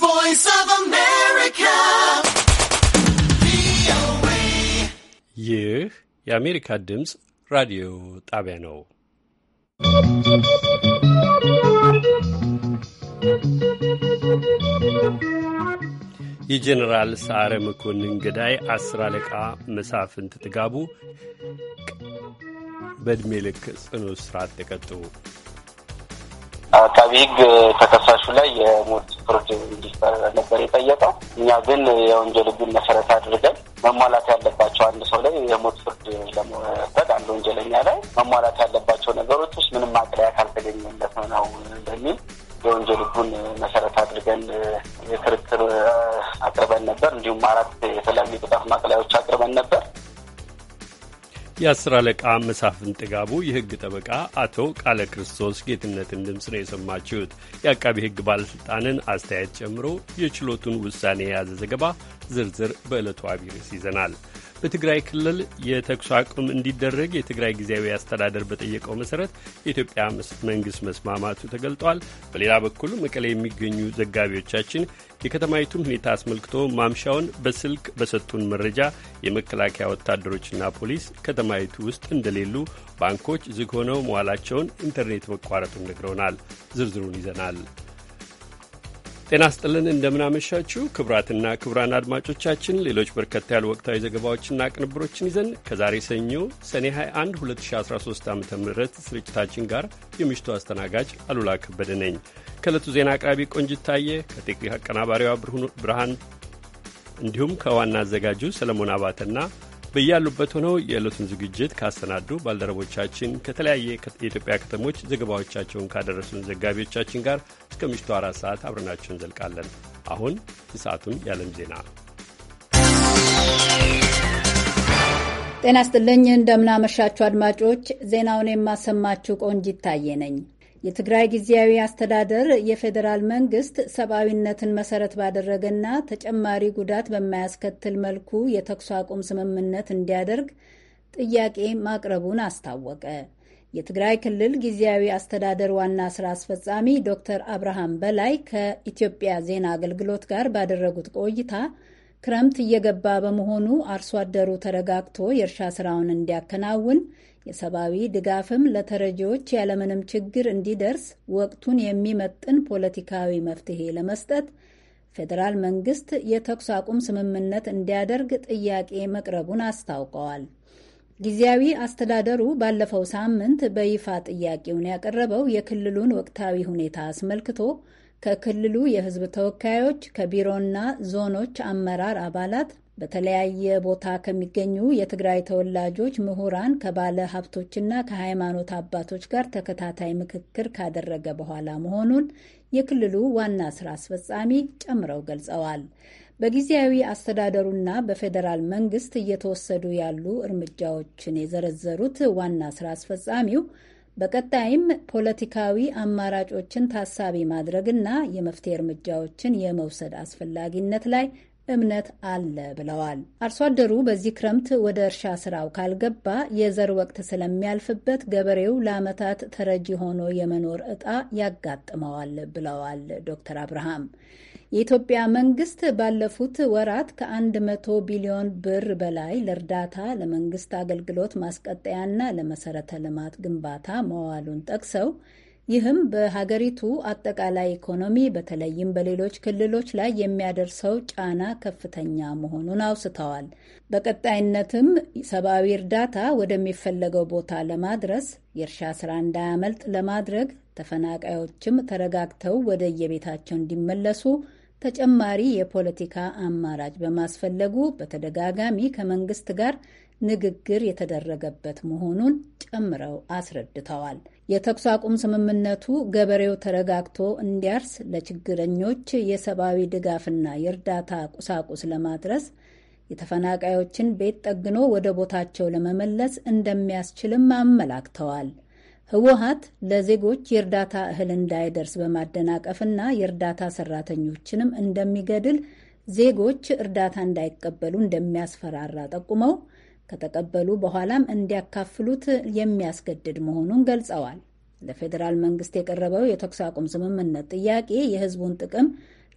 voice of America. ይህ የአሜሪካ ድምፅ ራዲዮ ጣቢያ ነው። የጀኔራል ሰዓረ መኮንን ገዳይ አስር አለቃ መሳፍንት ጥጋቡ በዕድሜ ልክ ጽኑ እስራት ተቀጡ። አቃቢ ህግ ተከሳሹ ላይ የሞት ፍርድ እንዲፈር ነበር የጠየቀው። እኛ ግን የወንጀል ህግን መሰረት አድርገን መሟላት ያለባቸው አንድ ሰው ላይ የሞት ፍርድ ለመፈረድ አንድ ወንጀለኛ ላይ መሟላት ያለባቸው ነገሮች ውስጥ ምንም ማቅለያ ካልተገኘለት ነው በሚል የወንጀል ህጉን መሰረት አድርገን የክርክር አቅርበን ነበር። እንዲሁም አራት የተለያዩ ቅጣት ማቅለያዎች አቅርበን ነበር። የአስር አለቃ መሳፍን ጥጋቡ የህግ ጠበቃ አቶ ቃለ ክርስቶስ ጌትነትን ድምፅ ነው የሰማችሁት። የአቃቢ ህግ ባለሥልጣንን አስተያየት ጨምሮ የችሎቱን ውሳኔ የያዘ ዘገባ ዝርዝር በዕለቱ አቢርስ ይዘናል። በትግራይ ክልል የተኩስ አቁም እንዲደረግ የትግራይ ጊዜያዊ አስተዳደር በጠየቀው መሰረት የኢትዮጵያ መንግስት መስማማቱ ተገልጧል። በሌላ በኩል መቀሌ የሚገኙ ዘጋቢዎቻችን የከተማይቱን ሁኔታ አስመልክቶ ማምሻውን በስልክ በሰጡን መረጃ የመከላከያ ወታደሮችና ፖሊስ ከተማይቱ ውስጥ እንደሌሉ፣ ባንኮች ዝግ ሆነው መዋላቸውን፣ ኢንተርኔት መቋረጡን ነግረውናል። ዝርዝሩን ይዘናል። ጤና ስጥልን እንደምናመሻችሁ ክቡራትና ክቡራን አድማጮቻችን ሌሎች በርከት ያሉ ወቅታዊ ዘገባዎችና ቅንብሮችን ይዘን ከዛሬ ሰኞ ሰኔ 21 2013 ዓ ም ስርጭታችን ጋር የምሽቱ አስተናጋጅ አሉላ ከበደ ነኝ። ከእለቱ ዜና አቅራቢ ቆንጅት ታየ፣ ከቴክኒክ አቀናባሪዋ ብርሃን እንዲሁም ከዋና አዘጋጁ ሰለሞን አባተና በያሉበት ሆነው የዕለቱን ዝግጅት ካሰናዱ ባልደረቦቻችን ከተለያየ የኢትዮጵያ ከተሞች ዘገባዎቻቸውን ካደረሱን ዘጋቢዎቻችን ጋር እስከ ምሽቱ አራት ሰዓት አብረናቸው እንዘልቃለን። አሁን የሰዓቱን የዓለም ዜና ጤና ስጥልኝ። እንደምናመሻችሁ አድማጮች፣ ዜናውን የማሰማችሁ ቆንጅ ታዬ ነኝ። የትግራይ ጊዜያዊ አስተዳደር የፌዴራል መንግስት ሰብአዊነትን መሰረት ባደረገና ተጨማሪ ጉዳት በማያስከትል መልኩ የተኩስ አቁም ስምምነት እንዲያደርግ ጥያቄ ማቅረቡን አስታወቀ። የትግራይ ክልል ጊዜያዊ አስተዳደር ዋና ስራ አስፈጻሚ ዶክተር አብርሃም በላይ ከኢትዮጵያ ዜና አገልግሎት ጋር ባደረጉት ቆይታ ክረምት እየገባ በመሆኑ አርሶ አደሩ ተረጋግቶ የእርሻ ስራውን እንዲያከናውን የሰብአዊ ድጋፍም ለተረጂዎች ያለምንም ችግር እንዲደርስ ወቅቱን የሚመጥን ፖለቲካዊ መፍትሄ ለመስጠት ፌዴራል መንግስት የተኩስ አቁም ስምምነት እንዲያደርግ ጥያቄ መቅረቡን አስታውቀዋል። ጊዜያዊ አስተዳደሩ ባለፈው ሳምንት በይፋ ጥያቄውን ያቀረበው የክልሉን ወቅታዊ ሁኔታ አስመልክቶ ከክልሉ የሕዝብ ተወካዮች ከቢሮና ዞኖች አመራር አባላት በተለያየ ቦታ ከሚገኙ የትግራይ ተወላጆች ምሁራን፣ ከባለ ሀብቶችና ከሃይማኖት አባቶች ጋር ተከታታይ ምክክር ካደረገ በኋላ መሆኑን የክልሉ ዋና ስራ አስፈጻሚ ጨምረው ገልጸዋል። በጊዜያዊ አስተዳደሩና በፌዴራል መንግስት እየተወሰዱ ያሉ እርምጃዎችን የዘረዘሩት ዋና ስራ አስፈጻሚው በቀጣይም ፖለቲካዊ አማራጮችን ታሳቢ ማድረግና የመፍትሄ እርምጃዎችን የመውሰድ አስፈላጊነት ላይ እምነት አለ ብለዋል። አርሶ አደሩ በዚህ ክረምት ወደ እርሻ ስራው ካልገባ የዘር ወቅት ስለሚያልፍበት ገበሬው ለዓመታት ተረጂ ሆኖ የመኖር ዕጣ ያጋጥመዋል ብለዋል ዶክተር አብርሃም። የኢትዮጵያ መንግስት ባለፉት ወራት ከ100 ቢሊዮን ብር በላይ ለእርዳታ ለመንግስት አገልግሎት ማስቀጠያና ለመሰረተ ልማት ግንባታ መዋሉን ጠቅሰው ይህም በሀገሪቱ አጠቃላይ ኢኮኖሚ በተለይም በሌሎች ክልሎች ላይ የሚያደርሰው ጫና ከፍተኛ መሆኑን አውስተዋል። በቀጣይነትም ሰብአዊ እርዳታ ወደሚፈለገው ቦታ ለማድረስ የእርሻ ስራ እንዳያመልጥ ለማድረግ ተፈናቃዮችም ተረጋግተው ወደ የቤታቸው እንዲመለሱ ተጨማሪ የፖለቲካ አማራጭ በማስፈለጉ በተደጋጋሚ ከመንግስት ጋር ንግግር የተደረገበት መሆኑን ጨምረው አስረድተዋል። የተኩስ አቁም ስምምነቱ ገበሬው ተረጋግቶ እንዲያርስ ለችግረኞች የሰብአዊ ድጋፍና የእርዳታ ቁሳቁስ ለማድረስ የተፈናቃዮችን ቤት ጠግኖ ወደ ቦታቸው ለመመለስ እንደሚያስችልም አመላክተዋል። ህወሀት ለዜጎች የእርዳታ እህል እንዳይደርስ በማደናቀፍና የእርዳታ ሰራተኞችንም እንደሚገድል ዜጎች እርዳታ እንዳይቀበሉ እንደሚያስፈራራ ጠቁመው ከተቀበሉ በኋላም እንዲያካፍሉት የሚያስገድድ መሆኑን ገልጸዋል። ለፌዴራል መንግስት የቀረበው የተኩስ አቁም ስምምነት ጥያቄ የህዝቡን ጥቅም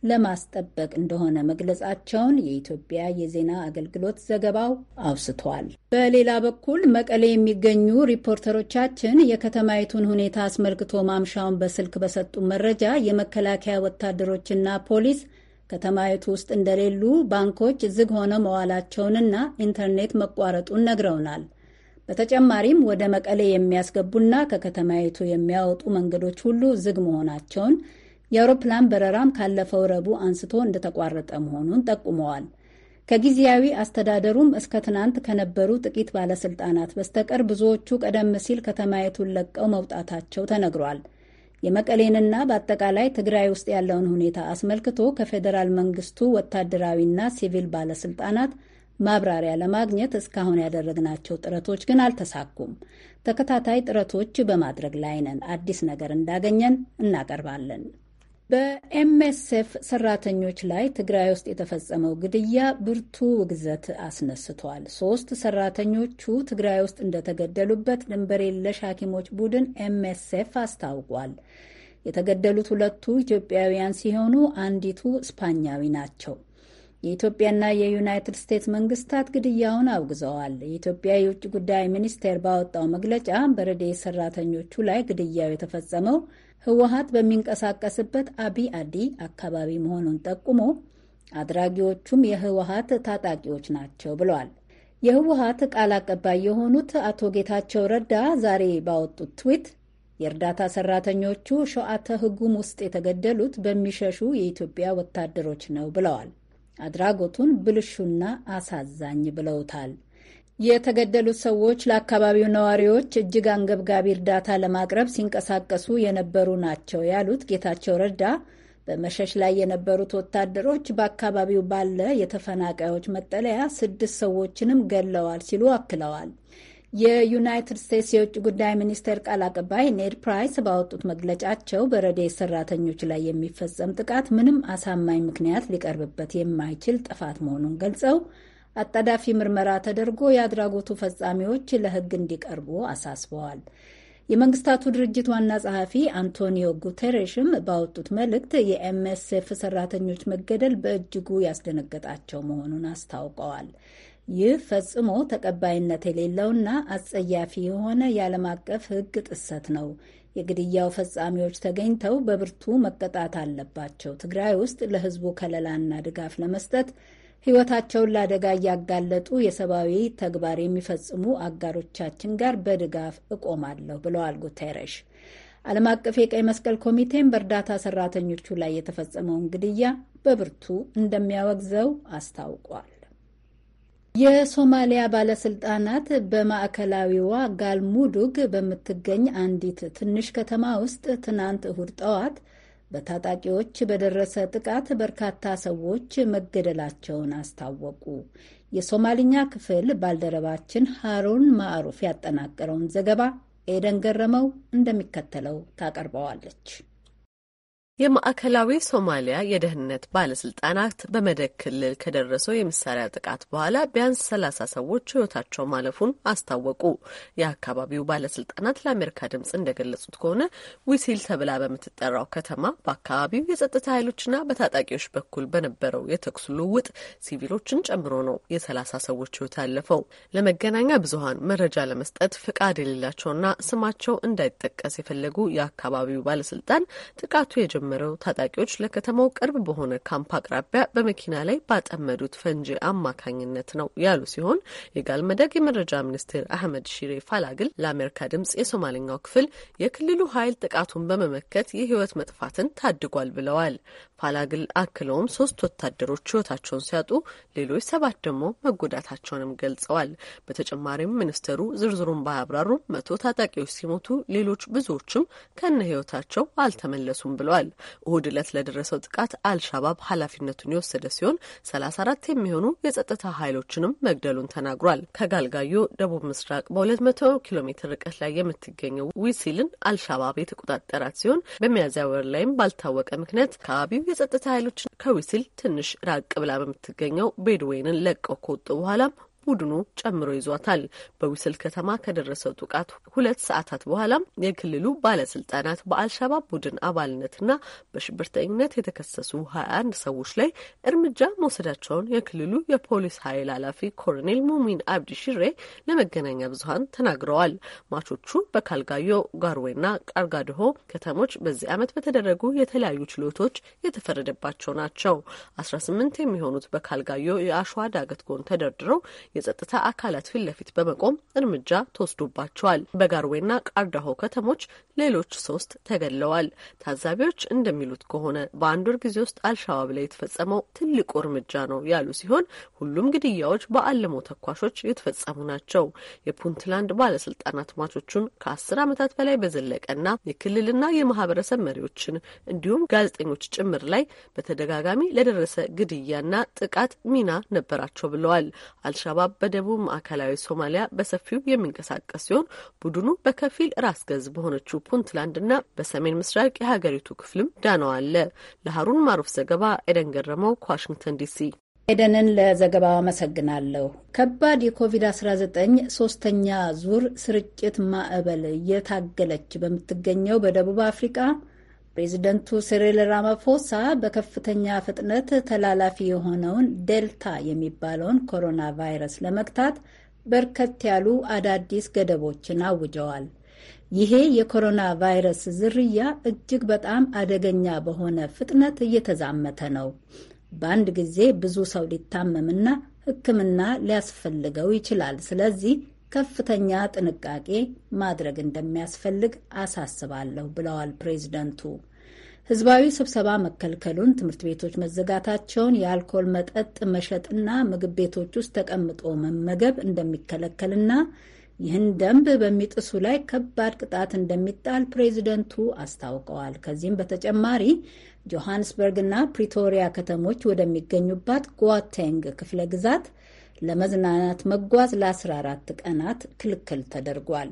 ለማስጠበቅ እንደሆነ መግለጻቸውን የኢትዮጵያ የዜና አገልግሎት ዘገባው አውስቷል። በሌላ በኩል መቀሌ የሚገኙ ሪፖርተሮቻችን የከተማይቱን ሁኔታ አስመልክቶ ማምሻውን በስልክ በሰጡ መረጃ የመከላከያ ወታደሮችና ፖሊስ ከተማይቱ ውስጥ እንደሌሉ ባንኮች ዝግ ሆነ መዋላቸውንና ኢንተርኔት መቋረጡን ነግረውናል። በተጨማሪም ወደ መቀሌ የሚያስገቡና ከከተማይቱ የሚያወጡ መንገዶች ሁሉ ዝግ መሆናቸውን፣ የአውሮፕላን በረራም ካለፈው ረቡዕ አንስቶ እንደተቋረጠ መሆኑን ጠቁመዋል። ከጊዜያዊ አስተዳደሩም እስከ ትናንት ከነበሩ ጥቂት ባለስልጣናት በስተቀር ብዙዎቹ ቀደም ሲል ከተማይቱን ለቀው መውጣታቸው ተነግሯል። የመቀሌንና በአጠቃላይ ትግራይ ውስጥ ያለውን ሁኔታ አስመልክቶ ከፌዴራል መንግስቱ ወታደራዊና ሲቪል ባለስልጣናት ማብራሪያ ለማግኘት እስካሁን ያደረግናቸው ጥረቶች ግን አልተሳኩም። ተከታታይ ጥረቶች በማድረግ ላይ ነን። አዲስ ነገር እንዳገኘን እናቀርባለን። በኤምኤስኤፍ ሰራተኞች ላይ ትግራይ ውስጥ የተፈጸመው ግድያ ብርቱ ውግዘት አስነስቷል። ሶስት ሰራተኞቹ ትግራይ ውስጥ እንደተገደሉበት ድንበር የለሽ ሐኪሞች ቡድን ኤምኤስኤፍ አስታውቋል። የተገደሉት ሁለቱ ኢትዮጵያውያን ሲሆኑ አንዲቱ ስፓኛዊ ናቸው። የኢትዮጵያና የዩናይትድ ስቴትስ መንግስታት ግድያውን አውግዘዋል። የኢትዮጵያ የውጭ ጉዳይ ሚኒስቴር ባወጣው መግለጫ በረዴ ሰራተኞቹ ላይ ግድያው የተፈጸመው ህወሀት በሚንቀሳቀስበት አቢ አዲ አካባቢ መሆኑን ጠቁሞ አድራጊዎቹም የህወሀት ታጣቂዎች ናቸው ብለዋል። የህወሀት ቃል አቀባይ የሆኑት አቶ ጌታቸው ረዳ ዛሬ ባወጡት ትዊት የእርዳታ ሰራተኞቹ ሸዋተ ህጉም ውስጥ የተገደሉት በሚሸሹ የኢትዮጵያ ወታደሮች ነው ብለዋል። አድራጎቱን ብልሹና አሳዛኝ ብለውታል። የተገደሉት ሰዎች ለአካባቢው ነዋሪዎች እጅግ አንገብጋቢ እርዳታ ለማቅረብ ሲንቀሳቀሱ የነበሩ ናቸው ያሉት ጌታቸው ረዳ በመሸሽ ላይ የነበሩት ወታደሮች በአካባቢው ባለ የተፈናቃዮች መጠለያ ስድስት ሰዎችንም ገለዋል ሲሉ አክለዋል። የዩናይትድ ስቴትስ የውጭ ጉዳይ ሚኒስቴር ቃል አቀባይ ኔድ ፕራይስ ባወጡት መግለጫቸው በረድኤት ሰራተኞች ላይ የሚፈጸም ጥቃት ምንም አሳማኝ ምክንያት ሊቀርብበት የማይችል ጥፋት መሆኑን ገልጸው አጣዳፊ ምርመራ ተደርጎ የአድራጎቱ ፈጻሚዎች ለሕግ እንዲቀርቡ አሳስበዋል። የመንግስታቱ ድርጅት ዋና ጸሐፊ አንቶኒዮ ጉተሬሽም ባወጡት መልእክት የኤምኤስኤፍ ሰራተኞች መገደል በእጅጉ ያስደነገጣቸው መሆኑን አስታውቀዋል። ይህ ፈጽሞ ተቀባይነት የሌለውና አጸያፊ የሆነ የዓለም አቀፍ ሕግ ጥሰት ነው። የግድያው ፈጻሚዎች ተገኝተው በብርቱ መቀጣት አለባቸው። ትግራይ ውስጥ ለሕዝቡ ከለላና ድጋፍ ለመስጠት ሕይወታቸውን ለአደጋ እያጋለጡ የሰብአዊ ተግባር የሚፈጽሙ አጋሮቻችን ጋር በድጋፍ እቆማለሁ ብለዋል ጉተረሽ። ዓለም አቀፍ የቀይ መስቀል ኮሚቴም በእርዳታ ሰራተኞቹ ላይ የተፈጸመውን ግድያ በብርቱ እንደሚያወግዘው አስታውቋል። የሶማሊያ ባለስልጣናት በማዕከላዊዋ ጋልሙዱግ በምትገኝ አንዲት ትንሽ ከተማ ውስጥ ትናንት እሁድ ጠዋት በታጣቂዎች በደረሰ ጥቃት በርካታ ሰዎች መገደላቸውን አስታወቁ። የሶማልኛ ክፍል ባልደረባችን ሃሩን ማዕሩፍ ያጠናቀረውን ዘገባ ኤደን ገረመው እንደሚከተለው ታቀርበዋለች። የማዕከላዊ ሶማሊያ የደህንነት ባለስልጣናት በመደብ ክልል ከደረሰው የመሳሪያ ጥቃት በኋላ ቢያንስ ሰላሳ ሰዎች ህይወታቸው ማለፉን አስታወቁ። የአካባቢው ባለስልጣናት ለአሜሪካ ድምጽ እንደገለጹት ከሆነ ዊሲል ተብላ በምትጠራው ከተማ በአካባቢው የጸጥታ ኃይሎችና በታጣቂዎች በኩል በነበረው የተኩስ ልውውጥ ሲቪሎችን ጨምሮ ነው የሰላሳ ሰዎች ህይወት ያለፈው። ለመገናኛ ብዙሀን መረጃ ለመስጠት ፍቃድ የሌላቸውና ስማቸው እንዳይጠቀስ የፈለጉ የአካባቢው ባለስልጣን ጥቃቱ የጀ የጀመረው ታጣቂዎች ለከተማው ቅርብ በሆነ ካምፕ አቅራቢያ በመኪና ላይ ባጠመዱት ፈንጂ አማካኝነት ነው ያሉ ሲሆን የጋልመደግ የመረጃ ሚኒስትር አህመድ ሺሬ ፋላግል ለአሜሪካ ድምጽ የሶማሌኛው ክፍል የክልሉ ኃይል ጥቃቱን በመመከት የህይወት መጥፋትን ታድጓል ብለዋል። ፓላግል አክለውም ሶስት ወታደሮች ህይወታቸውን ሲያጡ ሌሎች ሰባት ደግሞ መጎዳታቸውንም ገልጸዋል። በተጨማሪም ሚኒስተሩ ዝርዝሩን ባያብራሩም መቶ ታጣቂዎች ሲሞቱ ሌሎች ብዙዎችም ከነ ህይወታቸው አልተመለሱም ብለዋል። እሁድ ዕለት ለደረሰው ጥቃት አልሻባብ ኃላፊነቱን የወሰደ ሲሆን ሰላሳ አራት የሚሆኑ የጸጥታ ኃይሎችንም መግደሉን ተናግሯል። ከጋልጋዮ ደቡብ ምስራቅ በሁለት መቶ ኪሎ ሜትር ርቀት ላይ የምትገኘው ዊሲልን አልሻባብ የተቆጣጠራት ሲሆን በሚያዝያ ወር ላይም ባልታወቀ ምክንያት አካባቢው የጸጥታ ኃይሎች ከዊስል ትንሽ ራቅ ብላ በምትገኘው ቤድዌይንን ለቀው ከወጡ በኋላም ቡድኑ ጨምሮ ይዟታል። በዊስል ከተማ ከደረሰው ጥቃት ሁለት ሰዓታት በኋላም የክልሉ ባለስልጣናት በአልሸባብ ቡድን አባልነትና በሽብርተኝነት የተከሰሱ ሀያ አንድ ሰዎች ላይ እርምጃ መውሰዳቸውን የክልሉ የፖሊስ ኃይል ኃላፊ ኮሎኔል ሙሚን አብዲ ሽሬ ለመገናኛ ብዙኃን ተናግረዋል። ማቾቹ በካልጋዮ ጋርዌና ቃርጋድሆ ከተሞች በዚህ ዓመት በተደረጉ የተለያዩ ችሎቶች የተፈረደባቸው ናቸው። አስራ ስምንት የሚሆኑት በካልጋዮ የአሸዋ ዳገት ጎን ተደርድረው የጸጥታ አካላት ፊት ለፊት በመቆም እርምጃ ተወስዶባቸዋል። በጋርዌና ቃርዳሆ ከተሞች ሌሎች ሶስት ተገድለዋል። ታዛቢዎች እንደሚሉት ከሆነ በአንድ ወር ጊዜ ውስጥ አልሻባብ ላይ የተፈጸመው ትልቁ እርምጃ ነው ያሉ ሲሆን ሁሉም ግድያዎች በአለሞ ተኳሾች የተፈጸሙ ናቸው። የፑንትላንድ ባለስልጣናት ማቾቹን ከአስር ዓመታት በላይ በዘለቀና የክልልና የማህበረሰብ መሪዎችን እንዲሁም ጋዜጠኞች ጭምር ላይ በተደጋጋሚ ለደረሰ ግድያና ጥቃት ሚና ነበራቸው ብለዋል። አልሻባብ አልሻባብ በደቡብ ማዕከላዊ ሶማሊያ በሰፊው የሚንቀሳቀስ ሲሆን ቡድኑ በከፊል ራስ ገዝ በሆነችው ፑንትላንድና በሰሜን ምስራቅ የሀገሪቱ ክፍልም ዳነው አለ። ለሀሩን ማሩፍ ዘገባ ኤደን ገረመው ከዋሽንግተን ዲሲ። ኤደንን ለዘገባው አመሰግናለሁ። ከባድ የኮቪድ-19 ሶስተኛ ዙር ስርጭት ማዕበል እየታገለች በምትገኘው በደቡብ አፍሪቃ ፕሬዚደንቱ ሲሪል ራማፎሳ በከፍተኛ ፍጥነት ተላላፊ የሆነውን ዴልታ የሚባለውን ኮሮና ቫይረስ ለመግታት በርከት ያሉ አዳዲስ ገደቦችን አውጀዋል። ይሄ የኮሮና ቫይረስ ዝርያ እጅግ በጣም አደገኛ በሆነ ፍጥነት እየተዛመተ ነው። በአንድ ጊዜ ብዙ ሰው ሊታመምና ሕክምና ሊያስፈልገው ይችላል። ስለዚህ ከፍተኛ ጥንቃቄ ማድረግ እንደሚያስፈልግ አሳስባለሁ ብለዋል ፕሬዚደንቱ። ህዝባዊ ስብሰባ መከልከሉን፣ ትምህርት ቤቶች መዘጋታቸውን፣ የአልኮል መጠጥ መሸጥና ምግብ ቤቶች ውስጥ ተቀምጦ መመገብ እንደሚከለከልና ይህን ደንብ በሚጥሱ ላይ ከባድ ቅጣት እንደሚጣል ፕሬዚደንቱ አስታውቀዋል። ከዚህም በተጨማሪ ጆሃንስበርግና ፕሪቶሪያ ከተሞች ወደሚገኙባት ጓቴንግ ክፍለ ግዛት ለመዝናናት መጓዝ ለ14 ቀናት ክልክል ተደርጓል።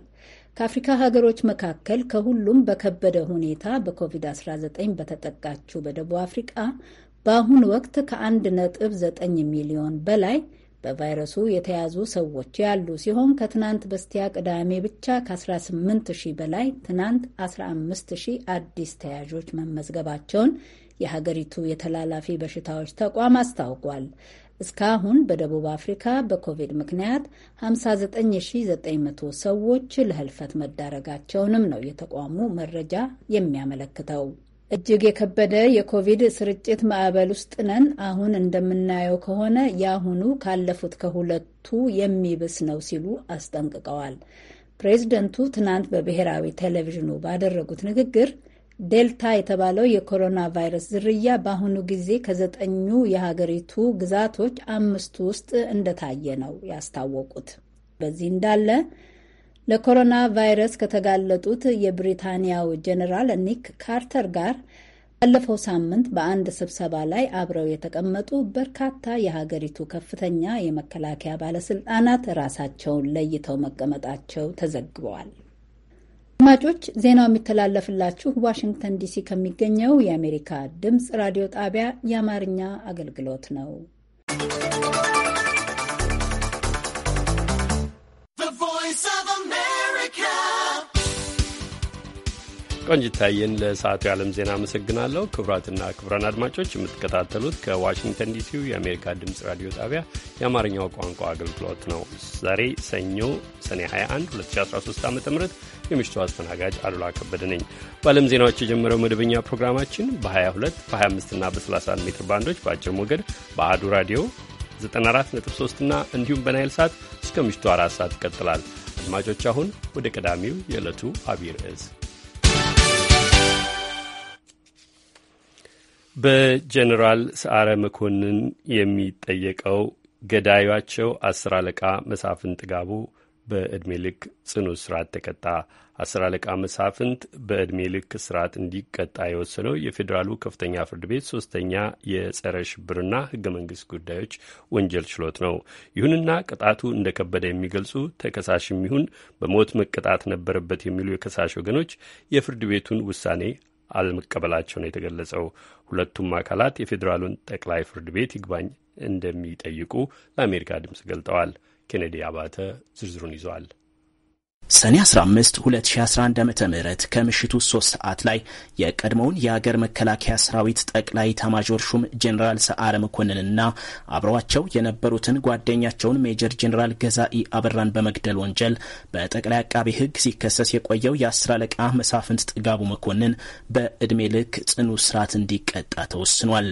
ከአፍሪካ ሀገሮች መካከል ከሁሉም በከበደ ሁኔታ በኮቪድ-19 በተጠቃችው በደቡብ አፍሪቃ በአሁኑ ወቅት ከ1.9 ሚሊዮን በላይ በቫይረሱ የተያዙ ሰዎች ያሉ ሲሆን ከትናንት በስቲያ ቅዳሜ ብቻ ከ18 ሺህ በላይ ትናንት 15 ሺህ አዲስ ተያዦች መመዝገባቸውን የሀገሪቱ የተላላፊ በሽታዎች ተቋም አስታውቋል። እስካሁን በደቡብ አፍሪካ በኮቪድ ምክንያት 59900 ሰዎች ለህልፈት መዳረጋቸውንም ነው የተቋሙ መረጃ የሚያመለክተው። እጅግ የከበደ የኮቪድ ስርጭት ማዕበል ውስጥ ነን። አሁን እንደምናየው ከሆነ የአሁኑ ካለፉት ከሁለቱ የሚብስ ነው ሲሉ አስጠንቅቀዋል። ፕሬዝደንቱ ትናንት በብሔራዊ ቴሌቪዥኑ ባደረጉት ንግግር ዴልታ የተባለው የኮሮና ቫይረስ ዝርያ በአሁኑ ጊዜ ከዘጠኙ የሀገሪቱ ግዛቶች አምስቱ ውስጥ እንደታየ ነው ያስታወቁት። በዚህ እንዳለ ለኮሮና ቫይረስ ከተጋለጡት የብሪታንያው ጀኔራል ኒክ ካርተር ጋር ባለፈው ሳምንት በአንድ ስብሰባ ላይ አብረው የተቀመጡ በርካታ የሀገሪቱ ከፍተኛ የመከላከያ ባለስልጣናት ራሳቸውን ለይተው መቀመጣቸው ተዘግበዋል። አድማጮች ዜናው የሚተላለፍላችሁ ዋሽንግተን ዲሲ ከሚገኘው የአሜሪካ ድምፅ ራዲዮ ጣቢያ የአማርኛ አገልግሎት ነው። ቆንጅታየን ለሰዓቱ የዓለም ዜና አመሰግናለሁ። ክቡራትና ክቡራን አድማጮች የምትከታተሉት ከዋሽንግተን ዲሲው የአሜሪካ ድምፅ ራዲዮ ጣቢያ የአማርኛው ቋንቋ አገልግሎት ነው። ዛሬ ሰኞ ሰኔ 21 2013 ዓ ም የምሽቱ አስተናጋጅ አሉላ ከበደ ነኝ። በዓለም ዜናዎች የጀመረው መደበኛ ፕሮግራማችን በ22 በ25 እና በ31 ሜትር ባንዶች በአጭር ሞገድ በአህዱ ራዲዮ 94.3 እና እንዲሁም በናይል ሰዓት እስከ ምሽቱ አራት ሰዓት ይቀጥላል። አድማጮች አሁን ወደ ቀዳሚው የዕለቱ አብይ ርዕስ በጀኔራል ሰዓረ መኮንን የሚጠየቀው ገዳያቸው አስር አለቃ መሳፍን ጥጋቡ በዕድሜ ልክ ጽኑ እስራት ተቀጣ። አስር አለቃ መሳፍንት በዕድሜ ልክ እስራት እንዲቀጣ የወሰነው የፌዴራሉ ከፍተኛ ፍርድ ቤት ሶስተኛ የጸረ ሽብርና ህገ መንግስት ጉዳዮች ወንጀል ችሎት ነው። ይሁንና ቅጣቱ እንደ ከበደ የሚገልጹ ተከሳሽም ይሁን በሞት መቀጣት ነበረበት የሚሉ የከሳሽ ወገኖች የፍርድ ቤቱን ውሳኔ አለመቀበላቸው ነው የተገለጸው። ሁለቱም አካላት የፌዴራሉን ጠቅላይ ፍርድ ቤት ይግባኝ እንደሚጠይቁ ለአሜሪካ ድምፅ ገልጠዋል። ኬኔዲ አባተ ዝርዝሩን ይዟል። ሰኔ 15 2011 ዓ ም ከምሽቱ 3 ሰዓት ላይ የቀድሞውን የአገር መከላከያ ሰራዊት ጠቅላይ ኤታማዦር ሹም ጄኔራል ሰዓረ መኮንንና አብረዋቸው የነበሩትን ጓደኛቸውን ሜጀር ጄኔራል ገዛኢ አበራን በመግደል ወንጀል በጠቅላይ አቃቢ ሕግ ሲከሰስ የቆየው የአስር አለቃ መሳፍንት ጥጋቡ መኮንን በዕድሜ ልክ ጽኑ እስራት እንዲቀጣ ተወስኗል።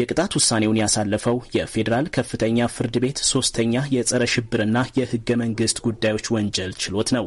የቅጣት ውሳኔውን ያሳለፈው የፌዴራል ከፍተኛ ፍርድ ቤት ሶስተኛ የጸረ ሽብርና የህገ መንግስት ጉዳዮች ወንጀል ችሎት ነው።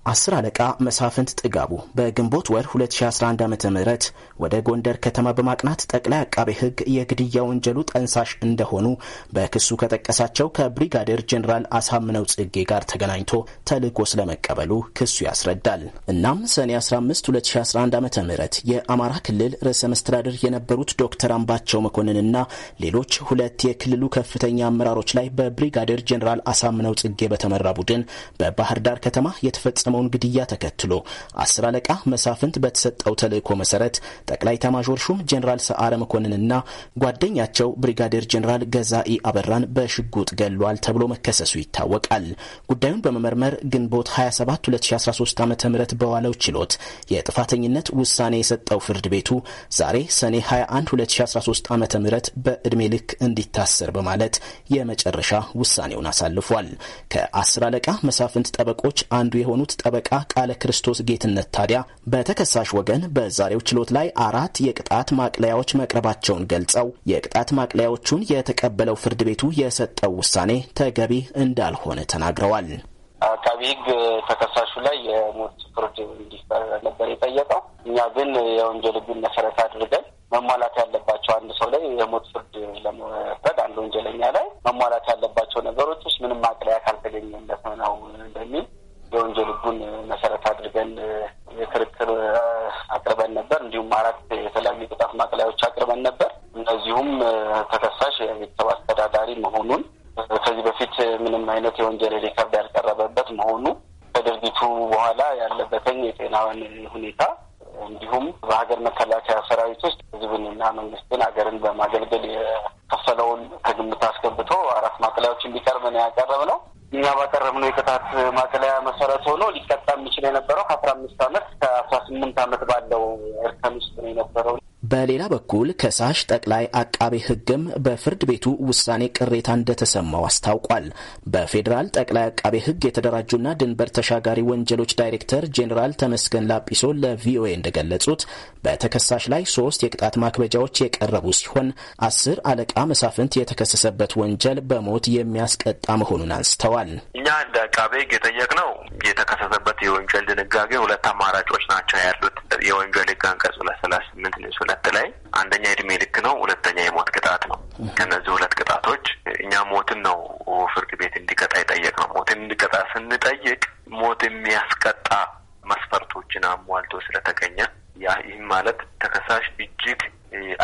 አስር አለቃ መሳፍንት ጥጋቡ በግንቦት ወር 2011 ዓ ም ወደ ጎንደር ከተማ በማቅናት ጠቅላይ አቃቤ ሕግ የግድያ ወንጀሉ ጠንሳሽ እንደሆኑ በክሱ ከጠቀሳቸው ከብሪጋዴር ጀኔራል አሳምነው ጽጌ ጋር ተገናኝቶ ተልእኮ ስለመቀበሉ ክሱ ያስረዳል። እናም ሰኔ 15 2011 ዓ ም የአማራ ክልል ርዕሰ መስተዳድር የነበሩት ዶክተር አምባቸው መኮንንና ሌሎች ሁለት የክልሉ ከፍተኛ አመራሮች ላይ በብሪጋዴር ጀኔራል አሳምነው ጽጌ በተመራ ቡድን በባህር ዳር ከተማ የተፈጸ የተፈጸመውን ግድያ ተከትሎ አስር አለቃ መሳፍንት በተሰጠው ተልዕኮ መሰረት ጠቅላይ ኤታማዦር ሹም ጀኔራል ሰዓረ መኮንንና ጓደኛቸው ብሪጋዴር ጀኔራል ገዛኢ አበራን በሽጉጥ ገሏል ተብሎ መከሰሱ ይታወቃል። ጉዳዩን በመመርመር ግንቦት 27 2013 ዓ ም በዋለው ችሎት የጥፋተኝነት ውሳኔ የሰጠው ፍርድ ቤቱ ዛሬ ሰኔ 21 2013 ዓ ም በዕድሜ ልክ እንዲታሰር በማለት የመጨረሻ ውሳኔውን አሳልፏል። ከአስር አለቃ መሳፍንት ጠበቆች አንዱ የሆኑት ጠበቃ ቃለ ክርስቶስ ጌትነት ታዲያ በተከሳሽ ወገን በዛሬው ችሎት ላይ አራት የቅጣት ማቅለያዎች መቅረባቸውን ገልጸው የቅጣት ማቅለያዎቹን የተቀበለው ፍርድ ቤቱ የሰጠው ውሳኔ ተገቢ እንዳልሆነ ተናግረዋል። አቃቢ ሕግ ተከሳሹ ላይ የሞት ፍርድ እንዲፈረድ ነበር የጠየቀው። እኛ ግን የወንጀል ሕጉን መሰረት አድርገን መሟላት ያለባቸው አንድ ሰው ላይ የሞት ፍርድ ለመፍረድ አንድ ወንጀለኛ ላይ መሟላት ያለባቸው ነገሮች ውስጥ ምንም ማቅለያ ካልተገኘለት ነው እንደሚል የወንጀል ህጉን መሰረት አድርገን የክርክር አቅርበን ነበር። እንዲሁም አራት የተለያዩ የቅጣት ማቅለያዎች አቅርበን ነበር። እነዚሁም ተከሳሽ የቤተሰብ አስተዳዳሪ መሆኑን ከዚህ በፊት ምንም አይነት የወንጀል ሪከርድ ያልቀረበበት መሆኑ ከድርጊቱ በኋላ ያለበትን የጤናውን ሁኔታ እንዲሁም በሀገር መከላከያ ሰራዊት ውስጥ ህዝብንና መንግስትን ሀገርን በማገልገል የከፈለውን ከግምት አስገብቶ አራት ማቅለያዎች እንዲቀርብ ነው ያቀረብ ነው። እኛ ባቀረብነው የቅጣት ማቅለያ መሰረት ሆኖ ሊቀጣ የሚችል የነበረው ከአስራ አምስት አመት ከአስራ ስምንት አመት ባለው እርከን ውስጥ ነው የነበረው። በሌላ በኩል ከሳሽ ጠቅላይ አቃቤ ሕግም በፍርድ ቤቱ ውሳኔ ቅሬታ እንደተሰማው አስታውቋል። በፌዴራል ጠቅላይ አቃቤ ሕግ የተደራጁና ድንበር ተሻጋሪ ወንጀሎች ዳይሬክተር ጄኔራል ተመስገን ላጲሶ ለቪኦኤ እንደገለጹት በተከሳሽ ላይ ሶስት የቅጣት ማክበጃዎች የቀረቡ ሲሆን አስር አለቃ መሳፍንት የተከሰሰበት ወንጀል በሞት የሚያስቀጣ መሆኑን አንስተዋል። እኛ እንደ አቃቤ ሕግ የጠየቅነው የተከሰሰበት የወንጀል ድንጋጌ ሁለት አማራጮች ናቸው ያሉት የወንጀል ሕግ አንቀጽ ሁለት ሰላሳ ስምንት ንዑስ ሁለት አራት ላይ አንደኛ እድሜ ልክ ነው፣ ሁለተኛ የሞት ቅጣት ነው። ከነዚህ ሁለት ቅጣቶች እኛ ሞትን ነው ፍርድ ቤት እንዲቀጣ ይጠየቅ ነው። ሞትን እንዲቀጣ ስንጠይቅ ሞት የሚያስቀጣ መስፈርቶችን አሟልቶ ስለተገኘ ይህም ማለት ተከሳሽ እጅግ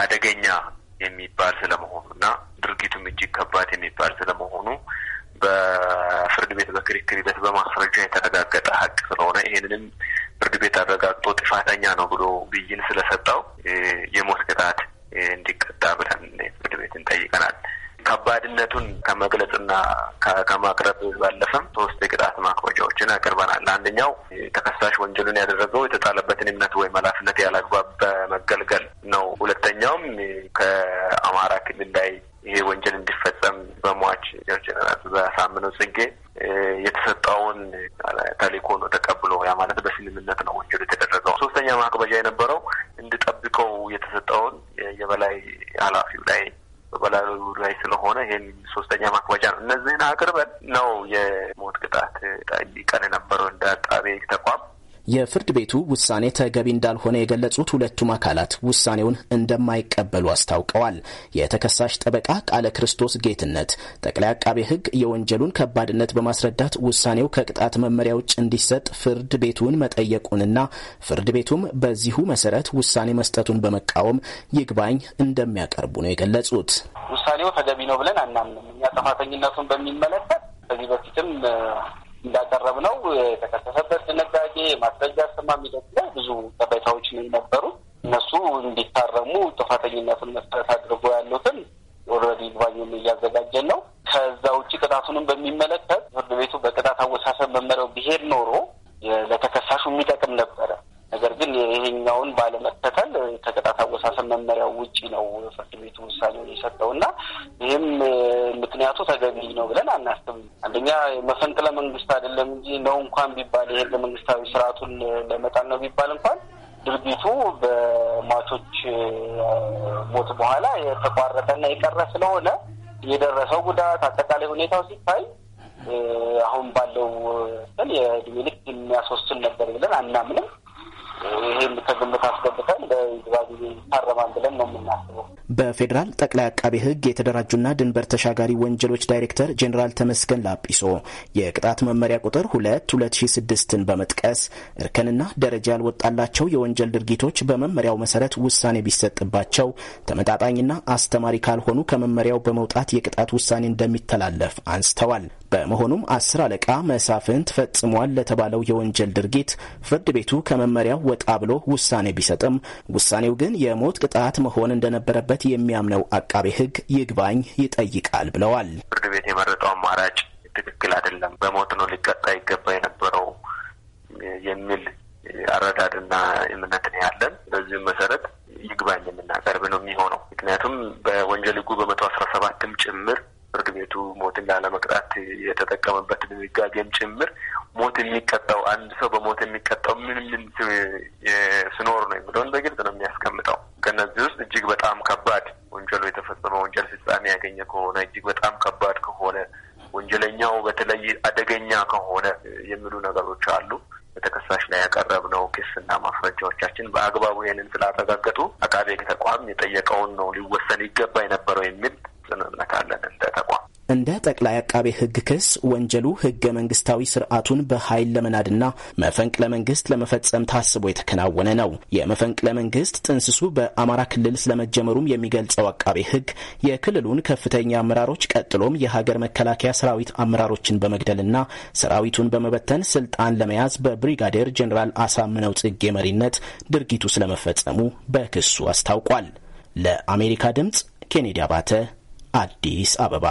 አደገኛ የሚባል ስለመሆኑ እና ድርጊቱም እጅግ ከባድ የሚባል ስለመሆኑ በፍርድ ቤት በክርክር ሂደት በማስረጃ የተረጋገጠ ሀቅ ስለሆነ ይሄንንም ፍርድ ቤት አረጋግጦ ጥፋተኛ ነው ብሎ ብይን ስለሰጠው የሞት ቅጣት እንዲቀጣ ብለን ፍርድ ቤት እንጠይቀናል። ከባድነቱን ከመግለጽና ከማቅረብ ባለፈም ሶስት የቅጣት ማክበጃዎችን አቅርበናል። አንደኛው ተከሳሽ ወንጀሉን ያደረገው የተጣለበትን እምነት ወይም ኃላፊነት ያላግባብ በመገልገል ነው። ሁለተኛውም ከአማራ ክልል ላይ ይሄ ወንጀል እንዲፈጸም በሟች ጀነራል በሳምነው ጽጌ የተሰጠውን ተልእኮ ነው ተቀብሎ ያ ማለት በስልምነት ነው ወንጀል የተደረገው። ሶስተኛ ማክበጃ የነበረው እንድጠብቀው የተሰጠውን የበላይ ኃላፊው ላይ በበላዩ ላይ ስለሆነ ይህን ሶስተኛ ማክበጃ ነው። እነዚህን አቅርበን ነው የሞት ቅጣት ጠይቀን የነበረው እንደ አቃቤ ተቋም የፍርድ ቤቱ ውሳኔ ተገቢ እንዳልሆነ የገለጹት ሁለቱም አካላት ውሳኔውን እንደማይቀበሉ አስታውቀዋል። የተከሳሽ ጠበቃ ቃለ ክርስቶስ ጌትነት ጠቅላይ አቃቤ ሕግ የወንጀሉን ከባድነት በማስረዳት ውሳኔው ከቅጣት መመሪያ ውጭ እንዲሰጥ ፍርድ ቤቱን መጠየቁንና ፍርድ ቤቱም በዚሁ መሰረት ውሳኔ መስጠቱን በመቃወም ይግባኝ እንደሚያቀርቡ ነው የገለጹት። ውሳኔው ተገቢ ነው ብለን አናምንም። እኛ ጥፋተኝነቱን በሚመለከት ከዚህ በፊትም እንዳቀረብ ነው የተከሰሰበት ድንጋጌ ማስረጃ ስማ የሚለው ላይ ብዙ ጠበታዎች ነው የነበሩ እነሱ እንዲታረሙ ጥፋተኝነትን መሰረት አድርጎ ያሉትን ኦልሬዲ ይግባኙን እያዘጋጀን ነው። ከዛ ውጭ ቅጣቱንም በሚመለከት ፍርድ ቤቱ በቅጣት አወሳሰብ መመሪያው ብሄድ ኖሮ ለተከሳሹ የሚጠቅም ነበረ። ነገር ግን ይሄኛውን ባለመከተል ከቅጣት አወሳሰን መመሪያው ውጪ ነው ፍርድ ቤቱ ውሳኔውን የሰጠው እና ይህም ምክንያቱ ተገቢ ነው ብለን አናስብም። አንደኛ መፈንቅለ መንግስት አይደለም እንጂ ነው እንኳን ቢባል ይሄ መንግስታዊ ስርዓቱን ለመጣል ነው ቢባል እንኳን ድርጊቱ በሟቾች ሞት በኋላ የተቋረጠና የቀረ ስለሆነ የደረሰው ጉዳት አጠቃላይ ሁኔታው ሲታይ አሁን ባለው የእድሜ ልክ የሚያስወስን ነበር ብለን አናምንም። ይህም ከግምት አስገብተን በይግባ ጊዜ ይታረማል ብለን ነው የምናስበው። በፌዴራል ጠቅላይ አቃቤ ሕግ የተደራጁና ድንበር ተሻጋሪ ወንጀሎች ዳይሬክተር ጄኔራል ተመስገን ላጲሶ የቅጣት መመሪያ ቁጥር ሁለት ሁለት ሺ ስድስትን በመጥቀስ እርከንና ደረጃ ያልወጣላቸው የወንጀል ድርጊቶች በመመሪያው መሰረት ውሳኔ ቢሰጥባቸው ተመጣጣኝና አስተማሪ ካልሆኑ ከመመሪያው በመውጣት የቅጣት ውሳኔ እንደሚተላለፍ አንስተዋል። በመሆኑም አስር አለቃ መሳፍንት ፈጽሟል ለተባለው የወንጀል ድርጊት ፍርድ ቤቱ ከመመሪያው ወጣ ብሎ ውሳኔ ቢሰጥም ውሳኔው ግን የሞት ቅጣት መሆን እንደነበረበት የሚያምነው አቃቤ ሕግ ይግባኝ ይጠይቃል ብለዋል። ፍርድ ቤት የመረጠው አማራጭ ትክክል አይደለም፣ በሞት ነው ሊቀጣ ይገባ የነበረው የሚል አረዳድና እምነትን ያለን በዚህም መሰረት ይግባኝ የምናቀርብ ነው የሚሆነው ምክንያቱም በወንጀል ሕጉ በመቶ አስራ ሰባትም ጭምር ፍርድ ቤቱ ሞትን ላለመቅጣት የተጠቀመበት ድንጋጌም ጭምር ሞት የሚቀጣው አንድ ሰው በሞት የሚቀጣው ምን ምን ስኖር ነው የሚለውን በግልጽ ነው የሚያስቀምጠው። ከነዚህ ውስጥ እጅግ በጣም ከባድ ወንጀሉ የተፈጸመ ወንጀል ፍጻሜ ያገኘ ከሆነ እጅግ በጣም ከባድ ከሆነ ወንጀለኛው በተለይ አደገኛ ከሆነ የሚሉ ነገሮች አሉ። በተከሳሽ ላይ ያቀረብነው ክስና ማስረጃዎቻችን በአግባቡ ይህንን ስላረጋገጡ አቃቤ ተቋም የጠየቀውን ነው ሊወሰን ይገባ የነበረው የሚል ጽኑ እምነት አለን እንደ ተቋም። እንደ ጠቅላይ አቃቤ ሕግ ክስ ወንጀሉ ሕገ መንግስታዊ ስርዓቱን በኃይል ለመናድና መፈንቅለ መንግስት ለመፈጸም ታስቦ የተከናወነ ነው። የመፈንቅለ መንግስት ጥንስሱ በአማራ ክልል ስለመጀመሩም የሚገልጸው አቃቤ ሕግ የክልሉን ከፍተኛ አመራሮች ቀጥሎም የሀገር መከላከያ ሰራዊት አመራሮችን በመግደልና ሰራዊቱን በመበተን ስልጣን ለመያዝ በብሪጋዴር ጀኔራል አሳምነው ጽጌ መሪነት ድርጊቱ ስለመፈጸሙ በክሱ አስታውቋል። ለአሜሪካ ድምጽ ኬኔዲ አባተ አዲስ አበባ።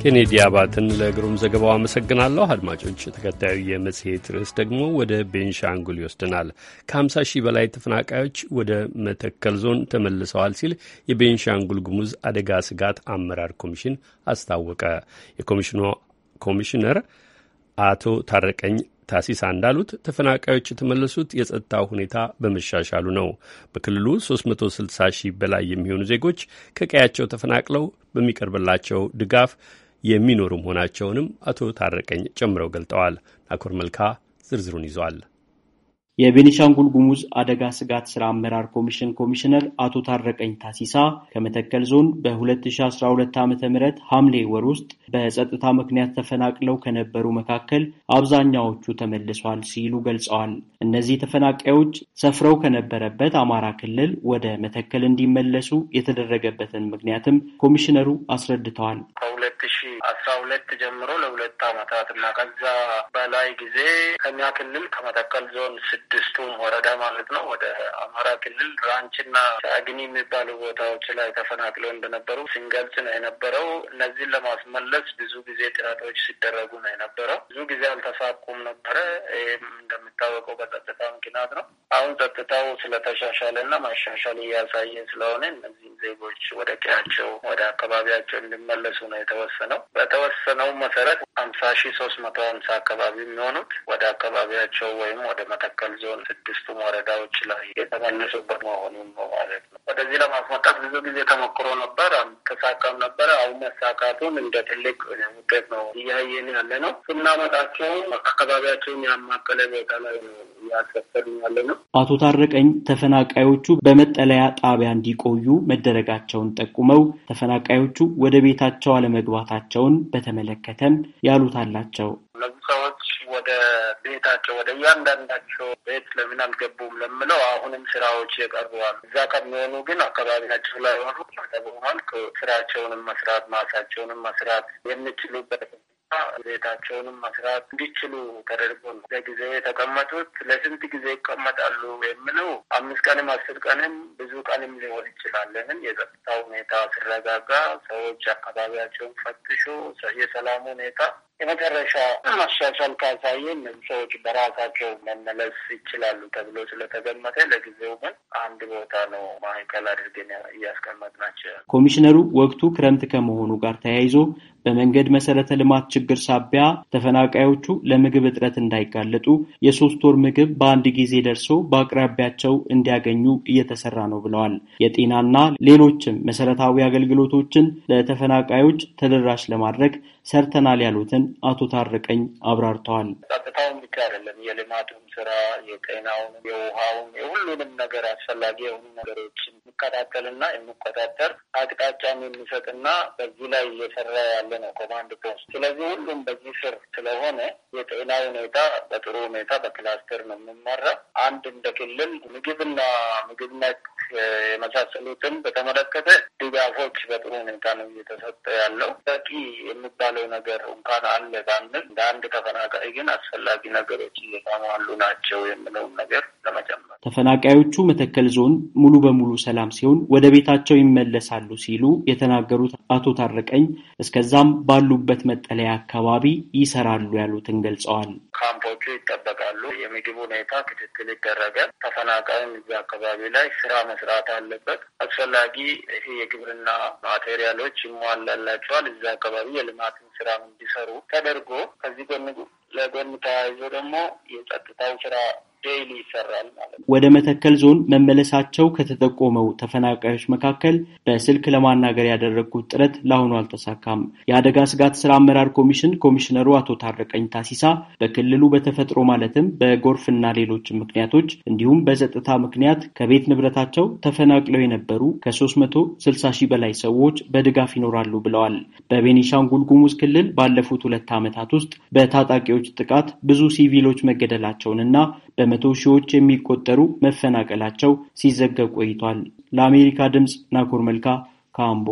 ኬኔዲ አባትን ለግሩም ዘገባው አመሰግናለሁ። አድማጮች፣ ተከታዩ የመጽሔት ርዕስ ደግሞ ወደ ቤንሻንጉል ይወስደናል። ከ50 ሺህ በላይ ተፈናቃዮች ወደ መተከል ዞን ተመልሰዋል ሲል የቤንሻንጉል ጉሙዝ አደጋ ስጋት አመራር ኮሚሽን አስታወቀ። ኮሚሽነር አቶ ታረቀኝ ታሲሳ እንዳሉት ተፈናቃዮች የተመለሱት የጸጥታው ሁኔታ በመሻሻሉ ነው። በክልሉ 360 ሺህ በላይ የሚሆኑ ዜጎች ከቀያቸው ተፈናቅለው በሚቀርብላቸው ድጋፍ የሚኖሩ መሆናቸውንም አቶ ታረቀኝ ጨምረው ገልጠዋል። ናኮር መልካ ዝርዝሩን ይዟል። የቤኒሻንጉል ጉሙዝ አደጋ ስጋት ስራ አመራር ኮሚሽን ኮሚሽነር አቶ ታረቀኝ ታሲሳ ከመተከል ዞን በ2012 ዓ ም ሐምሌ ወር ውስጥ በጸጥታ ምክንያት ተፈናቅለው ከነበሩ መካከል አብዛኛዎቹ ተመልሷል ሲሉ ገልጸዋል። እነዚህ ተፈናቃዮች ሰፍረው ከነበረበት አማራ ክልል ወደ መተከል እንዲመለሱ የተደረገበትን ምክንያትም ኮሚሽነሩ አስረድተዋል። ከሁለት ሺ አስራ ሁለት ጀምሮ ለሁለት አመታት እና ከዛ በላይ ጊዜ ከኛ ክልል ከመተከል ዞን ስድስቱም ወረዳ ማለት ነው ወደ አማራ ክልል ራንችና አግኒ የሚባሉ ቦታዎች ላይ ተፈናቅለው እንደነበሩ ሲንገልጽ ነው የነበረው። እነዚህን ለማስመለስ ብዙ ጊዜ ጥረቶች ሲደረጉ ነው የነበረው። ብዙ ጊዜ አልተሳኩም ነበረ። ይህም እንደሚታወቀው በጸጥታ ምክንያት ነው። አሁን ጸጥታው ስለተሻሻለና ማሻሻል እያሳየ ስለሆነ እነዚህም ዜጎች ወደ ቀያቸው ወደ አካባቢያቸው እንዲመለሱ ነው የተወሰነው። በተወሰነው መሰረት ሀምሳ ሺ ሶስት መቶ ሀምሳ አካባቢ የሚሆኑት ወደ አካባቢያቸው ወይም ወደ መተከል ዞን ስድስቱም ወረዳዎች ላይ የተመለሱበት መሆኑን ነው ማለት ነው። ወደዚህ ለማስመጣት ብዙ ጊዜ ተሞክሮ ነበር፣ ተሳካም ነበረ። አሁን መሳካቱን እንደ ትልቅ ውጤት ነው እያየን ያለ ነው። ስናመጣቸውም አካባቢያቸውን ያማከለ ቦታ ላይ እያሰፈርን ያለ ነው። አቶ ታረቀኝ ተፈናቃዮቹ በመጠለያ ጣቢያ እንዲቆዩ መደረጋቸውን ጠቁመው ተፈናቃዮቹ ወደ ቤታቸው አለመግባታቸውን በተመለከተም ያሉት አላቸው። ወደ ቤታቸው ወደ እያንዳንዳቸው ቤት ለምን አልገቡም ለምለው አሁንም ስራዎች የቀርበዋል። እዛ ከሚሆኑ ግን አካባቢያቸው ላይ ሆኑ በመሆን ስራቸውንም መስራት ማሳቸውንም መስራት የሚችሉበት ቤታቸውንም መስራት እንዲችሉ ተደርጎ ነው ለጊዜው የተቀመጡት። ለስንት ጊዜ ይቀመጣሉ የሚለው አምስት ቀንም አስር ቀንም ብዙ ቀንም ሊሆን ይችላል። ለምን የጸጥታ ሁኔታ ሲረጋጋ ሰዎች አካባቢያቸውን ፈትሾ የሰላም ሁኔታ የመጨረሻ ማሻሻል ካሳየ እነዚህ ሰዎች በራሳቸው መመለስ ይችላሉ ተብሎ ስለተገመተ ለጊዜው ግን አንድ ቦታ ነው ማዕከል አድርገን ናቸው። ኮሚሽነሩ ወቅቱ ክረምት ከመሆኑ ጋር ተያይዞ በመንገድ መሰረተ ልማት ችግር ሳቢያ ተፈናቃዮቹ ለምግብ እጥረት እንዳይጋለጡ የሶስት ወር ምግብ በአንድ ጊዜ ደርሶ በአቅራቢያቸው እንዲያገኙ እየተሰራ ነው ብለዋል። የጤናና ሌሎችም መሰረታዊ አገልግሎቶችን ለተፈናቃዮች ተደራሽ ለማድረግ ሰርተናል ያሉትን አቶ ታረቀኝ አብራርተዋል። ጸጥታውን ብቻ አይደለም፣ የልማቱም ስራ፣ የጤናውን፣ የውሃውን፣ የሁሉንም ነገር አስፈላጊ የሆኑ ነገሮችን የሚከታተልና የሚቆጣጠር አቅጣጫም የሚሰጥና በዚህ ላይ እየሰራ ያለ ነው ኮማንድ ፖስት። ስለዚህ ሁሉም በዚህ ስር ስለሆነ የጤና ሁኔታ በጥሩ ሁኔታ በክላስተር ነው የሚመራ። አንድ እንደ ክልል ምግብና ምግብ ነክ የመሳሰሉትን በተመለከተ ድጋፎች በጥሩ ሁኔታ ነው እየተሰጠ ያለው። በቂ የሚባለው ነገር እንኳን አለ ባንል እንደ አንድ ተፈናቃይ ግን አስፈላጊ ነገሮች እየተሟሉ ናቸው የምለውን ነገር ለመጨመር ተፈናቃዮቹ መተከል ዞን ሙሉ በሙሉ ሰላም ሰላም ሲሆን ወደ ቤታቸው ይመለሳሉ ሲሉ የተናገሩት አቶ ታረቀኝ እስከዛም ባሉበት መጠለያ አካባቢ ይሰራሉ ያሉትን ገልጸዋል። ካምፖቹ ይጠበቃሉ። የምግብ ሁኔታ ክትትል ይደረጋል። ተፈናቃይም እዚህ አካባቢ ላይ ስራ መስራት አለበት። አስፈላጊ ይሄ የግብርና ማቴሪያሎች ይሟላላቸዋል። እዚህ አካባቢ የልማትን ስራ እንዲሰሩ ተደርጎ ከዚህ ጎን ለጎን ተያይዞ ደግሞ የጸጥታው ስራ ዴይሊ ይሰራል ማለት ነው። ወደ መተከል ዞን መመለሳቸው ከተጠቆመው ተፈናቃዮች መካከል በስልክ ለማናገር ያደረግኩት ጥረት ለአሁኑ አልተሳካም። የአደጋ ስጋት ስራ አመራር ኮሚሽን ኮሚሽነሩ አቶ ታረቀኝ ታሲሳ በክልሉ በተፈጥሮ ማለትም በጎርፍና ሌሎች ምክንያቶች እንዲሁም በጸጥታ ምክንያት ከቤት ንብረታቸው ተፈናቅለው የነበሩ ከሶስት መቶ ስልሳ ሺህ በላይ ሰዎች በድጋፍ ይኖራሉ ብለዋል። በቤኒሻንጉል ጉሙዝ ክልል ባለፉት ሁለት ዓመታት ውስጥ በታጣቂዎች በአሸባሪዎች ጥቃት ብዙ ሲቪሎች መገደላቸውንና በመቶ ሺዎች የሚቆጠሩ መፈናቀላቸው ሲዘገብ ቆይቷል። ለአሜሪካ ድምፅ ናኮር መልካ ካምቦ።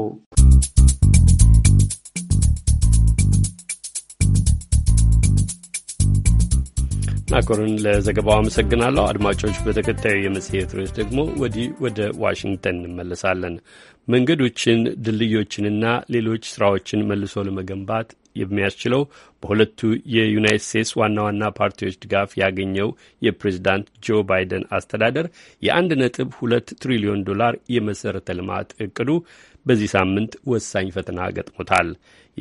ናኮርን ለዘገባው አመሰግናለሁ። አድማጮች፣ በተከታዩ የመጽሔት ርዕስ ደግሞ ወዲህ ወደ ዋሽንግተን እንመለሳለን። መንገዶችን ድልድዮችንና ሌሎች ስራዎችን መልሶ ለመገንባት የሚያስችለው በሁለቱ የዩናይት ስቴትስ ዋና ዋና ፓርቲዎች ድጋፍ ያገኘው የፕሬዚዳንት ጆ ባይደን አስተዳደር የአንድ ነጥብ ሁለት ትሪሊዮን ዶላር የመሠረተ ልማት እቅዱ በዚህ ሳምንት ወሳኝ ፈተና ገጥሞታል።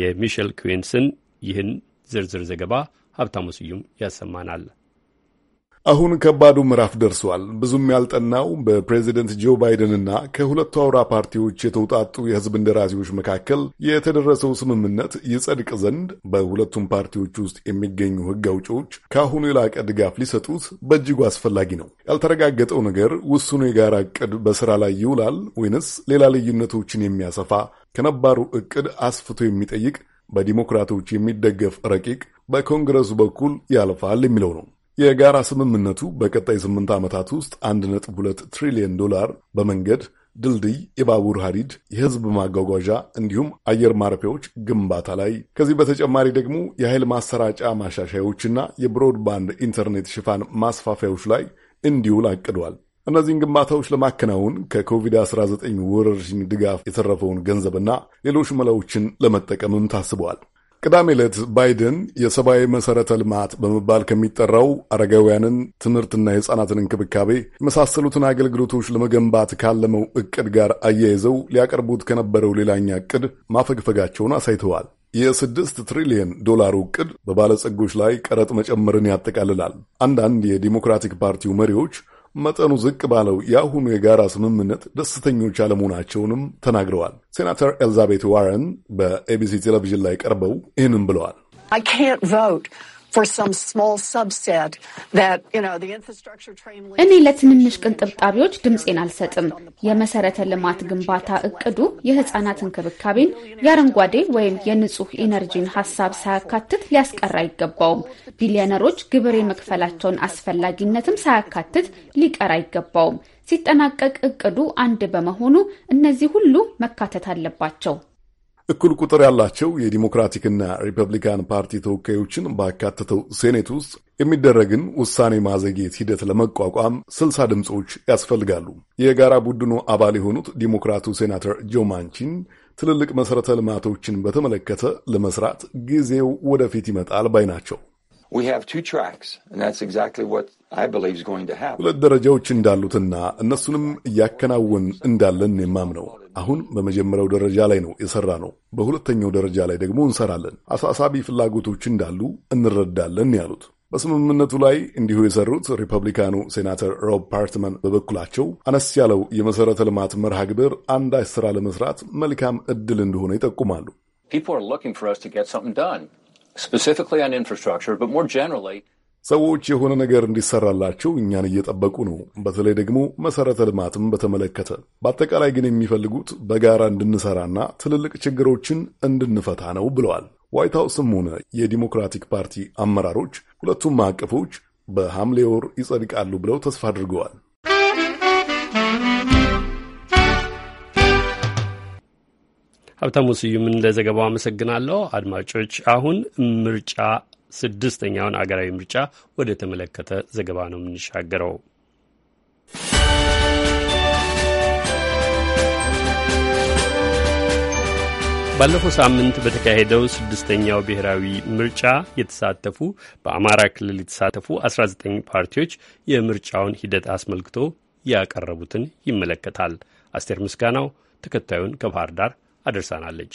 የሚሸል ኩዌንስን ይህን ዝርዝር ዘገባ ሀብታሙ ስዩም ያሰማናል። አሁን ከባዱ ምዕራፍ ደርሷል። ብዙም ያልጠናው በፕሬዚደንት ጆ ባይደንና ከሁለቱ አውራ ፓርቲዎች የተውጣጡ የህዝብ እንደራሴዎች መካከል የተደረሰው ስምምነት ይጸድቅ ዘንድ በሁለቱም ፓርቲዎች ውስጥ የሚገኙ ህግ አውጪዎች ከአሁኑ የላቀ ድጋፍ ሊሰጡት በእጅጉ አስፈላጊ ነው። ያልተረጋገጠው ነገር ውሱኑ የጋራ እቅድ በስራ ላይ ይውላል ወይንስ ሌላ ልዩነቶችን የሚያሰፋ ከነባሩ እቅድ አስፍቶ የሚጠይቅ በዲሞክራቶች የሚደገፍ ረቂቅ በኮንግረሱ በኩል ያልፋል የሚለው ነው። የጋራ ስምምነቱ በቀጣይ ስምንት ዓመታት ውስጥ 1.2 ትሪሊዮን ዶላር በመንገድ ድልድይ፣ የባቡር ሐዲድ፣ የህዝብ ማጓጓዣ እንዲሁም አየር ማረፊያዎች ግንባታ ላይ ከዚህ በተጨማሪ ደግሞ የኃይል ማሰራጫ ማሻሻያዎችና የብሮድባንድ ኢንተርኔት ሽፋን ማስፋፊያዎች ላይ እንዲውል አቅዷል። እነዚህን ግንባታዎች ለማከናወን ከኮቪድ-19 ወረርሽኝ ድጋፍ የተረፈውን ገንዘብና ሌሎች መላዎችን ለመጠቀምም ታስበዋል። ቅዳሜ ዕለት ባይደን የሰብአዊ መሠረተ ልማት በመባል ከሚጠራው አረጋውያንን ትምህርትና የሕፃናትን እንክብካቤ የመሳሰሉትን አገልግሎቶች ለመገንባት ካለመው ዕቅድ ጋር አያይዘው ሊያቀርቡት ከነበረው ሌላኛ ዕቅድ ማፈግፈጋቸውን አሳይተዋል። የስድስት ትሪሊየን ዶላር ዕቅድ በባለጸጎች ላይ ቀረጥ መጨመርን ያጠቃልላል። አንዳንድ የዲሞክራቲክ ፓርቲው መሪዎች መጠኑ ዝቅ ባለው የአሁኑ የጋራ ስምምነት ደስተኞች አለመሆናቸውንም ተናግረዋል። ሴናተር ኤልዛቤት ዋረን በኤቢሲ ቴሌቪዥን ላይ ቀርበው ይህንም ብለዋል። I can't vote እኔ ለትንንሽ ቅንጥብጣቢዎች ድምፄን አልሰጥም። የመሰረተ ልማት ግንባታ እቅዱ የህፃናት እንክብካቤን የአረንጓዴ ወይም የንጹህ ኢነርጂን ሀሳብ ሳያካትት ሊያስቀር አይገባውም። ቢሊዮነሮች ግብር የመክፈላቸውን አስፈላጊነትም ሳያካትት ሊቀር አይገባውም። ሲጠናቀቅ እቅዱ አንድ በመሆኑ እነዚህ ሁሉ መካተት አለባቸው። እኩል ቁጥር ያላቸው የዲሞክራቲክና ሪፐብሊካን ፓርቲ ተወካዮችን ባካተተው ሴኔት ውስጥ የሚደረግን ውሳኔ ማዘግየት ሂደት ለመቋቋም ስልሳ ድምፆች ያስፈልጋሉ። የጋራ ቡድኑ አባል የሆኑት ዲሞክራቱ ሴናተር ጆ ማንቺን ትልልቅ መሠረተ ልማቶችን በተመለከተ ለመስራት ጊዜው ወደፊት ይመጣል ባይ ናቸው። ሁለት ደረጃዎች እንዳሉትና እነሱንም እያከናወን እንዳለን የማምነው አሁን በመጀመሪያው ደረጃ ላይ ነው የሰራ ነው። በሁለተኛው ደረጃ ላይ ደግሞ እንሰራለን። አሳሳቢ ፍላጎቶች እንዳሉ እንረዳለን ያሉት በስምምነቱ ላይ እንዲሁ የሰሩት ሪፐብሊካኑ ሴናተር ሮብ ፓርትመን በበኩላቸው አነስ ያለው የመሠረተ ልማት መርሃ ግብር አንዳች ስራ ለመስራት መልካም ዕድል እንደሆነ ይጠቁማሉ። ሰዎች የሆነ ነገር እንዲሰራላቸው እኛን እየጠበቁ ነው። በተለይ ደግሞ መሰረተ ልማትም በተመለከተ በአጠቃላይ ግን የሚፈልጉት በጋራ እንድንሰራና ትልልቅ ችግሮችን እንድንፈታ ነው ብለዋል። ዋይት ሀውስም ሆነ የዲሞክራቲክ ፓርቲ አመራሮች ሁለቱም ማዕቀፎች በሐምሌ ወር ይጸድቃሉ ብለው ተስፋ አድርገዋል። ሀብታሙ ስዩምን ለዘገባው አመሰግናለሁ። አድማጮች አሁን ምርጫ ስድስተኛውን አገራዊ ምርጫ ወደ ተመለከተ ዘገባ ነው የምንሻገረው። ባለፈው ሳምንት በተካሄደው ስድስተኛው ብሔራዊ ምርጫ የተሳተፉ በአማራ ክልል የተሳተፉ 19 ፓርቲዎች የምርጫውን ሂደት አስመልክቶ ያቀረቡትን ይመለከታል። አስቴር ምስጋናው ተከታዩን ከባህር ዳር አደርሳናለች።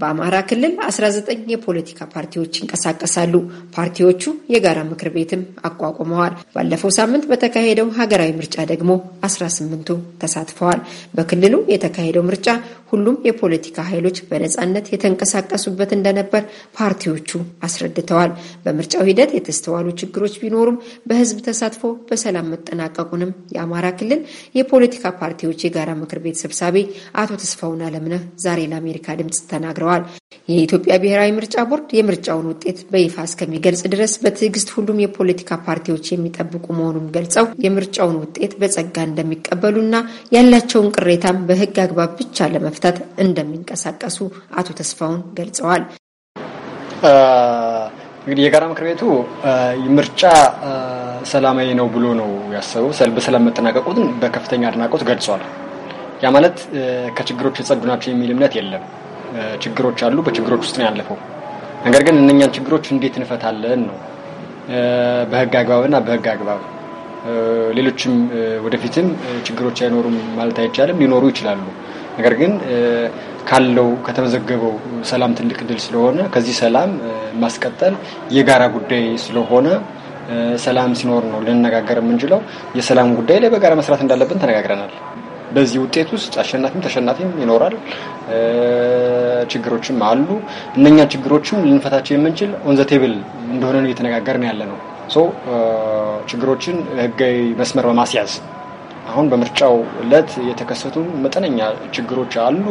በአማራ ክልል 19 የፖለቲካ ፓርቲዎች ይንቀሳቀሳሉ። ፓርቲዎቹ የጋራ ምክር ቤትም አቋቁመዋል። ባለፈው ሳምንት በተካሄደው ሀገራዊ ምርጫ ደግሞ 18ቱ ተሳትፈዋል። በክልሉ የተካሄደው ምርጫ ሁሉም የፖለቲካ ኃይሎች በነፃነት የተንቀሳቀሱበት እንደነበር ፓርቲዎቹ አስረድተዋል። በምርጫው ሂደት የተስተዋሉ ችግሮች ቢኖሩም በህዝብ ተሳትፎ በሰላም መጠናቀቁንም የአማራ ክልል የፖለቲካ ፓርቲዎች የጋራ ምክር ቤት ሰብሳቢ አቶ ተስፋውን አለምነህ ዛሬ ለአሜሪካ ድምፅ ተናግረዋል። የኢትዮጵያ ብሔራዊ ምርጫ ቦርድ የምርጫውን ውጤት በይፋ እስከሚገልጽ ድረስ በትዕግስት ሁሉም የፖለቲካ ፓርቲዎች የሚጠብቁ መሆኑን ገልጸው የምርጫውን ውጤት በጸጋ እንደሚቀበሉና ያላቸውን ቅሬታም በሕግ አግባብ ብቻ ለመፍታት እንደሚንቀሳቀሱ አቶ ተስፋውን ገልጸዋል። እንግዲህ የጋራ ምክር ቤቱ ምርጫ ሰላማዊ ነው ብሎ ነው ያሰበው። ሰልብ መጠናቀቁትን በከፍተኛ አድናቆት ገልጿል። ያ ማለት ከችግሮች የጸዱ ናቸው የሚል እምነት የለም። ችግሮች አሉ። በችግሮች ውስጥ ነው ያለፈው። ነገር ግን እነኛን ችግሮች እንዴት እንፈታለን ነው በህግ አግባብና በህግ አግባብ ሌሎችም ወደፊትም ችግሮች አይኖሩም ማለት አይቻልም፣ ሊኖሩ ይችላሉ። ነገር ግን ካለው ከተመዘገበው ሰላም ትልቅ ድል ስለሆነ ከዚህ ሰላም ማስቀጠል የጋራ ጉዳይ ስለሆነ ሰላም ሲኖር ነው ልንነጋገር የምንችለው። የሰላም ጉዳይ ላይ በጋራ መስራት እንዳለብን ተነጋግረናል። በዚህ ውጤት ውስጥ አሸናፊም ተሸናፊም ይኖራል። ችግሮችም አሉ። እነኛ ችግሮችም ልንፈታቸው የምንችል ኦን ዘ ቴብል እንደሆነ ነው እየተነጋገርን ያለ ነው። ሶ ችግሮችን ህጋዊ መስመር በማስያዝ አሁን በምርጫው ለት የተከሰቱ መጠነኛ ችግሮች አሉ።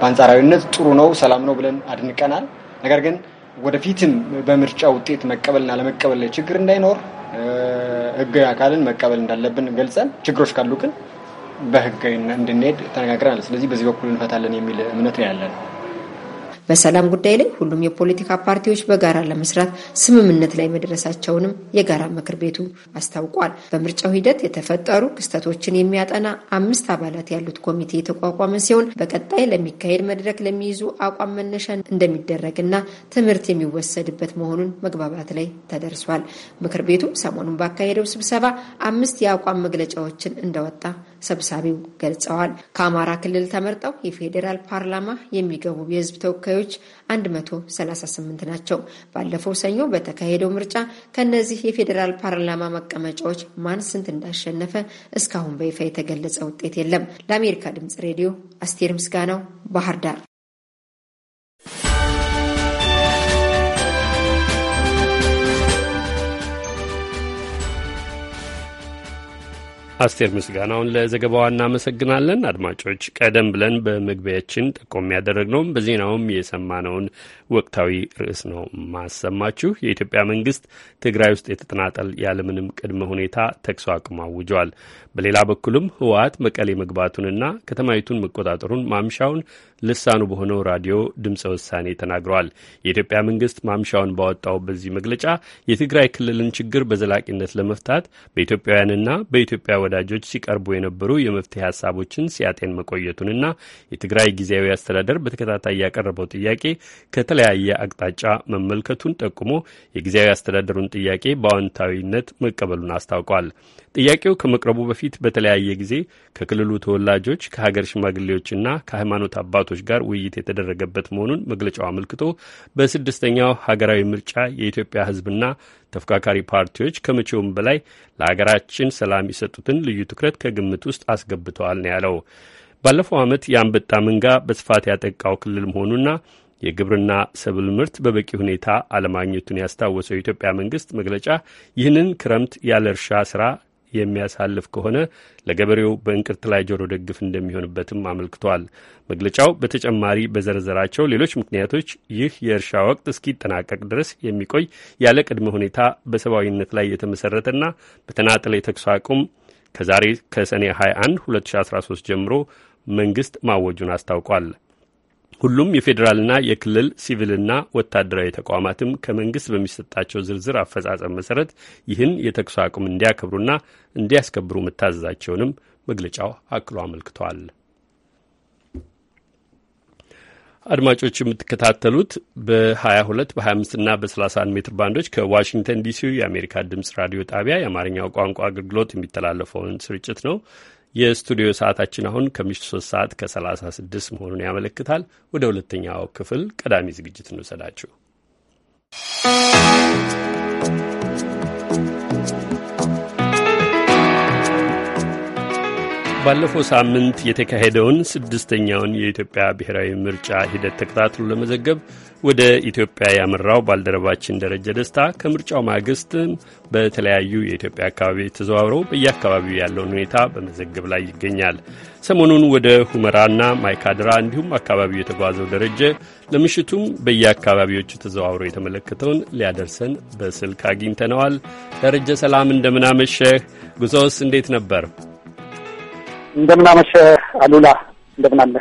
በአንጻራዊነት ጥሩ ነው፣ ሰላም ነው ብለን አድንቀናል። ነገር ግን ወደፊትም በምርጫ ውጤት መቀበልና ለመቀበል ላይ ችግር እንዳይኖር ህጋዊ አካልን መቀበል እንዳለብን ገልጸን ችግሮች ካሉ ግን በህጋዊ እንድንሄድ ተነጋግረናል። ስለዚህ በዚህ በኩል እንፈታለን የሚል እምነት ነው ያለን። በሰላም ጉዳይ ላይ ሁሉም የፖለቲካ ፓርቲዎች በጋራ ለመስራት ስምምነት ላይ መድረሳቸውንም የጋራ ምክር ቤቱ አስታውቋል። በምርጫው ሂደት የተፈጠሩ ክስተቶችን የሚያጠና አምስት አባላት ያሉት ኮሚቴ የተቋቋመ ሲሆን በቀጣይ ለሚካሄድ መድረክ ለሚይዙ አቋም መነሻ እንደሚደረግና ትምህርት የሚወሰድበት መሆኑን መግባባት ላይ ተደርሷል። ምክር ቤቱ ሰሞኑን ባካሄደው ስብሰባ አምስት የአቋም መግለጫዎችን እንደወጣ ሰብሳቢው ገልጸዋል። ከአማራ ክልል ተመርጠው የፌዴራል ፓርላማ የሚገቡ የህዝብ ተወካዮች 138 ናቸው። ባለፈው ሰኞ በተካሄደው ምርጫ ከእነዚህ የፌዴራል ፓርላማ መቀመጫዎች ማን ስንት እንዳሸነፈ እስካሁን በይፋ የተገለጸ ውጤት የለም። ለአሜሪካ ድምጽ ሬዲዮ አስቴር ምስጋናው ባህር ዳር። አስቴር ምስጋናውን ለዘገባዋ እናመሰግናለን። አድማጮች፣ ቀደም ብለን በመግቢያችን ጠቆም ያደረግነውም በዜናውም የሰማነውን ወቅታዊ ርዕስ ነው ማሰማችሁ። የኢትዮጵያ መንግስት ትግራይ ውስጥ የተጠናጠል ያለምንም ቅድመ ሁኔታ ተኩስ አቁም አውጇል። በሌላ በኩልም ህወሓት መቀሌ መግባቱንና ከተማይቱን መቆጣጠሩን ማምሻውን ልሳኑ በሆነው ራዲዮ ድምፀ ውሳኔ ተናግረዋል። የኢትዮጵያ መንግስት ማምሻውን ባወጣው በዚህ መግለጫ የትግራይ ክልልን ችግር በዘላቂነት ለመፍታት በኢትዮጵያውያንና በኢትዮጵያ ወዳጆች ሲቀርቡ የነበሩ የመፍትሄ ሀሳቦችን ሲያጤን መቆየቱንና የትግራይ ጊዜያዊ አስተዳደር በተከታታይ ያቀረበው ጥያቄ ከተለያየ አቅጣጫ መመልከቱን ጠቁሞ የጊዜያዊ አስተዳደሩን ጥያቄ በአዎንታዊነት መቀበሉን አስታውቋል። ጥያቄው ከመቅረቡ በፊት በተለያየ ጊዜ ከክልሉ ተወላጆች ከሀገር ሽማግሌዎችና ከሃይማኖት አባቶች ጋር ውይይት የተደረገበት መሆኑን መግለጫው አመልክቶ በስድስተኛው ሀገራዊ ምርጫ የኢትዮጵያ ሕዝብና ተፎካካሪ ፓርቲዎች ከመቼውም በላይ ለሀገራችን ሰላም የሰጡትን ልዩ ትኩረት ከግምት ውስጥ አስገብተዋል ነው ያለው። ባለፈው ዓመት የአንበጣ መንጋ በስፋት ያጠቃው ክልል መሆኑና የግብርና ሰብል ምርት በበቂ ሁኔታ አለማግኘቱን ያስታወሰው የኢትዮጵያ መንግስት መግለጫ ይህንን ክረምት ያለ እርሻ ስራ የሚያሳልፍ ከሆነ ለገበሬው በእንቅርት ላይ ጆሮ ደግፍ እንደሚሆንበትም አመልክቷል። መግለጫው በተጨማሪ በዘረዘራቸው ሌሎች ምክንያቶች ይህ የእርሻ ወቅት እስኪጠናቀቅ ድረስ የሚቆይ ያለ ቅድመ ሁኔታ በሰብአዊነት ላይ የተመሰረተና በተናጠለ የተኩስ አቁም ከዛሬ ከሰኔ 21 2013 ጀምሮ መንግስት ማወጁን አስታውቋል። ሁሉም የፌዴራልና የክልል ሲቪልና ወታደራዊ ተቋማትም ከመንግስት በሚሰጣቸው ዝርዝር አፈጻጸም መሰረት ይህን የተኩስ አቁም እንዲያከብሩና እንዲያስከብሩ መታዘዛቸውንም መግለጫው አክሎ አመልክቷል። አድማጮች የምትከታተሉት በ22 በ25 እና በ31 ሜትር ባንዶች ከዋሽንግተን ዲሲ የአሜሪካ ድምጽ ራዲዮ ጣቢያ የአማርኛው ቋንቋ አገልግሎት የሚተላለፈውን ስርጭት ነው። የስቱዲዮ ሰዓታችን አሁን ከምሽቱ 3 ሰዓት ከ36 መሆኑን ያመለክታል። ወደ ሁለተኛው ክፍል ቀዳሚ ዝግጅት እንውሰዳችሁ። ባለፈው ሳምንት የተካሄደውን ስድስተኛውን የኢትዮጵያ ብሔራዊ ምርጫ ሂደት ተከታትሎ ለመዘገብ ወደ ኢትዮጵያ ያመራው ባልደረባችን ደረጀ ደስታ ከምርጫው ማግስትም በተለያዩ የኢትዮጵያ አካባቢዎች ተዘዋውሮ በየአካባቢው ያለውን ሁኔታ በመዘገብ ላይ ይገኛል። ሰሞኑን ወደ ሁመራና ማይካድራ እንዲሁም አካባቢው የተጓዘው ደረጀ ለምሽቱም በየአካባቢዎቹ ተዘዋውሮ የተመለከተውን ሊያደርሰን በስልክ አግኝተነዋል። ደረጀ ሰላም፣ እንደምናመሸህ። ጉዞውስ እንዴት ነበር? እንደምናመሸ አሉላ እንደምን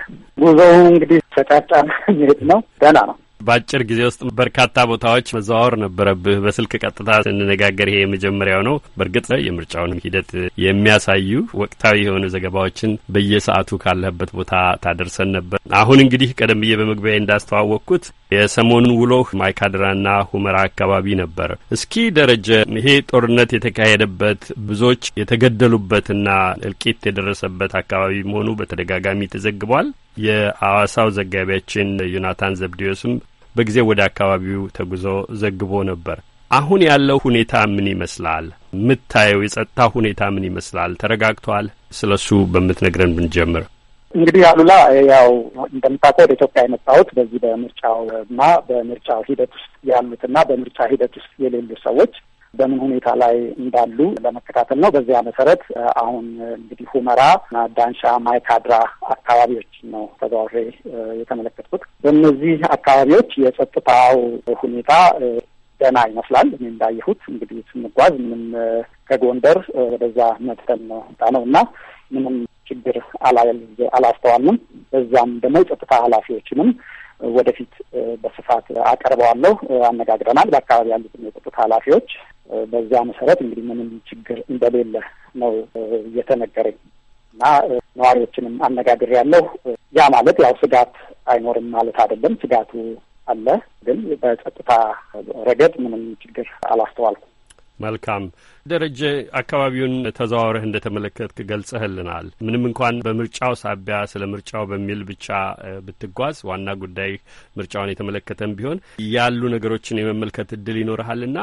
ጉዞው እንግዲህ ተጫጫ መሄድ ነው። ደህና ነው። በአጭር ጊዜ ውስጥ በርካታ ቦታዎች መዘዋወር ነበረብህ። በስልክ ቀጥታ ስንነጋገር ይሄ የመጀመሪያው ነው። በእርግጥ የምርጫውን ሂደት የሚያሳዩ ወቅታዊ የሆኑ ዘገባዎችን በየሰዓቱ ካለህበት ቦታ ታደርሰን ነበር። አሁን እንግዲህ ቀደም ብዬ በመግቢያ እንዳስተዋወቅኩት የሰሞኑን ውሎህ ማይካድራና ሁመራ አካባቢ ነበር። እስኪ ደረጀ፣ ይሄ ጦርነት የተካሄደበት ብዙዎች የተገደሉበትና እልቂት የደረሰበት አካባቢ መሆኑ በተደጋጋሚ ተዘግቧል። የአዋሳው ዘጋቢያችን ዮናታን ዘብዲዮስም በጊዜ ወደ አካባቢው ተጉዞ ዘግቦ ነበር። አሁን ያለው ሁኔታ ምን ይመስላል? የምታየው የጸጥታ ሁኔታ ምን ይመስላል? ተረጋግቷል? ስለ እሱ በምትነግረን ብንጀምር። እንግዲህ አሉላ፣ ያው እንደምታውቀው ወደ ኢትዮጵያ የመጣሁት በዚህ በምርጫው እና በምርጫው ሂደት ውስጥ ያሉትና በምርጫ ሂደት ውስጥ የሌሉ ሰዎች በምን ሁኔታ ላይ እንዳሉ ለመከታተል ነው። በዚያ መሰረት አሁን እንግዲህ ሁመራ፣ ዳንሻ፣ ማይካድራ አካባቢዎች ነው ተዘዋውሬ የተመለከትኩት። በእነዚህ አካባቢዎች የጸጥታው ሁኔታ ደህና ይመስላል። እኔ እንዳየሁት እንግዲህ ስንጓዝ ምንም ከጎንደር ወደዛ መጥተን ነው ነው እና ምንም ችግር አላስተዋልንም። በዛም ደግሞ የጸጥታ ኃላፊዎችንም ወደፊት በስፋት አቀርበዋለሁ። አነጋግረናል በአካባቢ ያሉትን የቁጥታ ኃላፊዎች። በዚያ መሰረት እንግዲህ ምንም ችግር እንደሌለ ነው እየተነገረኝ እና ነዋሪዎችንም አነጋግር ያለው ያ ማለት ያው ስጋት አይኖርም ማለት አይደለም። ስጋቱ አለ፣ ግን በጸጥታ ረገድ ምንም ችግር አላስተዋልኩ። መልካም ደረጀ፣ አካባቢውን ተዘዋውረህ እንደ ተመለከትክ ገልጸህልናል። ምንም እንኳን በምርጫው ሳቢያ ስለ ምርጫው በሚል ብቻ ብትጓዝ ዋና ጉዳይ ምርጫውን የተመለከተም ቢሆን ያሉ ነገሮችን የመመልከት እድል ይኖርሃልና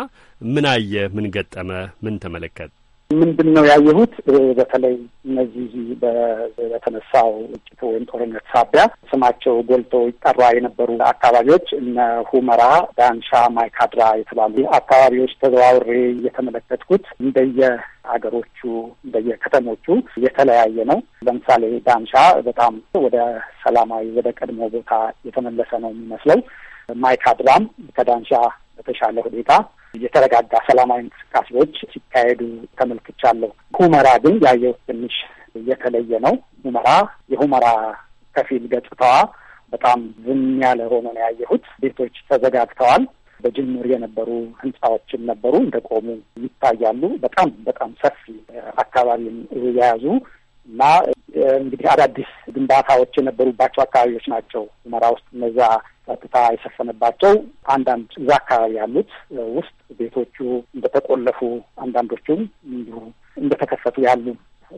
ምን አየ፣ ምን ገጠመ? ምን ተመለከት? ምንድን ነው ያየሁት? በተለይ እነዚህ በተነሳው ግጭት ወይም ጦርነት ሳቢያ ስማቸው ጎልቶ ይጠራ የነበሩ አካባቢዎች እነ ሁመራ፣ ዳንሻ፣ ማይካድራ የተባሉ አካባቢዎች ተዘዋውሬ እየተመለከትኩት እንደየ አገሮቹ በየከተሞቹ የተለያየ ነው። ለምሳሌ ዳንሻ በጣም ወደ ሰላማዊ ወደ ቀድሞ ቦታ የተመለሰ ነው የሚመስለው። ማይካድራም ከዳንሻ በተሻለ ሁኔታ የተረጋጋ ሰላማዊ እንቅስቃሴዎች ሲካሄዱ ተመልክቻለሁ። ሁመራ ግን ያየው ትንሽ የተለየ ነው። ሁመራ የሁመራ ከፊል ገጽታዋ በጣም ዝም ያለ ሆኖ ነው ያየሁት። ቤቶች ተዘጋግተዋል። በጅምር የነበሩ ህንጻዎችም ነበሩ እንደቆሙ ይታያሉ። በጣም በጣም ሰፊ አካባቢን የያዙ እና እንግዲህ አዳዲስ ግንባታዎች የነበሩባቸው አካባቢዎች ናቸው ሁመራ ውስጥ እነዛ ጸጥታ የሰፈነባቸው አንዳንድ እዛ አካባቢ ያሉት ውስጥ ቤቶቹ እንደተቆለፉ አንዳንዶቹም እንዲሁ እንደተከፈቱ ያሉ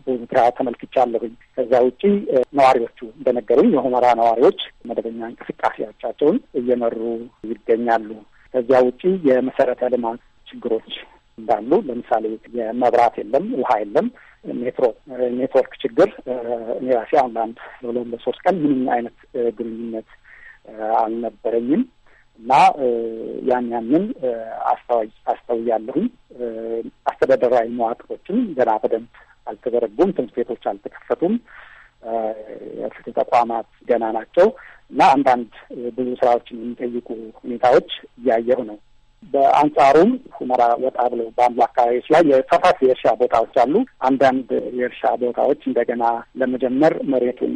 በኤርትራ ተመልክቻለሁኝ። ከዛ ውጪ ነዋሪዎቹ እንደነገሩኝ የሁመራ ነዋሪዎች መደበኛ እንቅስቃሴዎቻቸውን እየመሩ ይገኛሉ። ከዚያ ውጪ የመሰረተ ልማት ችግሮች እንዳሉ ለምሳሌ የመብራት የለም፣ ውሃ የለም፣ ሜትሮ ኔትወርክ ችግር እኔ ራሴ አሁን ለአንድ ለሁለት ለሶስት ቀን ምንም አይነት ግንኙነት አልነበረኝም እና ያን ያንን አስተውያለሁኝ። አስተዳደራዊ መዋቅሮችን ገና በደንብ አልተዘረጉም። ትምህርት ቤቶች አልተከፈቱም። የፍትህ ተቋማት ገና ናቸው እና አንዳንድ ብዙ ስራዎችን የሚጠይቁ ሁኔታዎች እያየሁ ነው። በአንጻሩም ሁመራ ወጣ ብለው ባሉ አካባቢዎች ላይ የሰፋፊ የእርሻ ቦታዎች አሉ። አንዳንድ የእርሻ ቦታዎች እንደገና ለመጀመር መሬቱን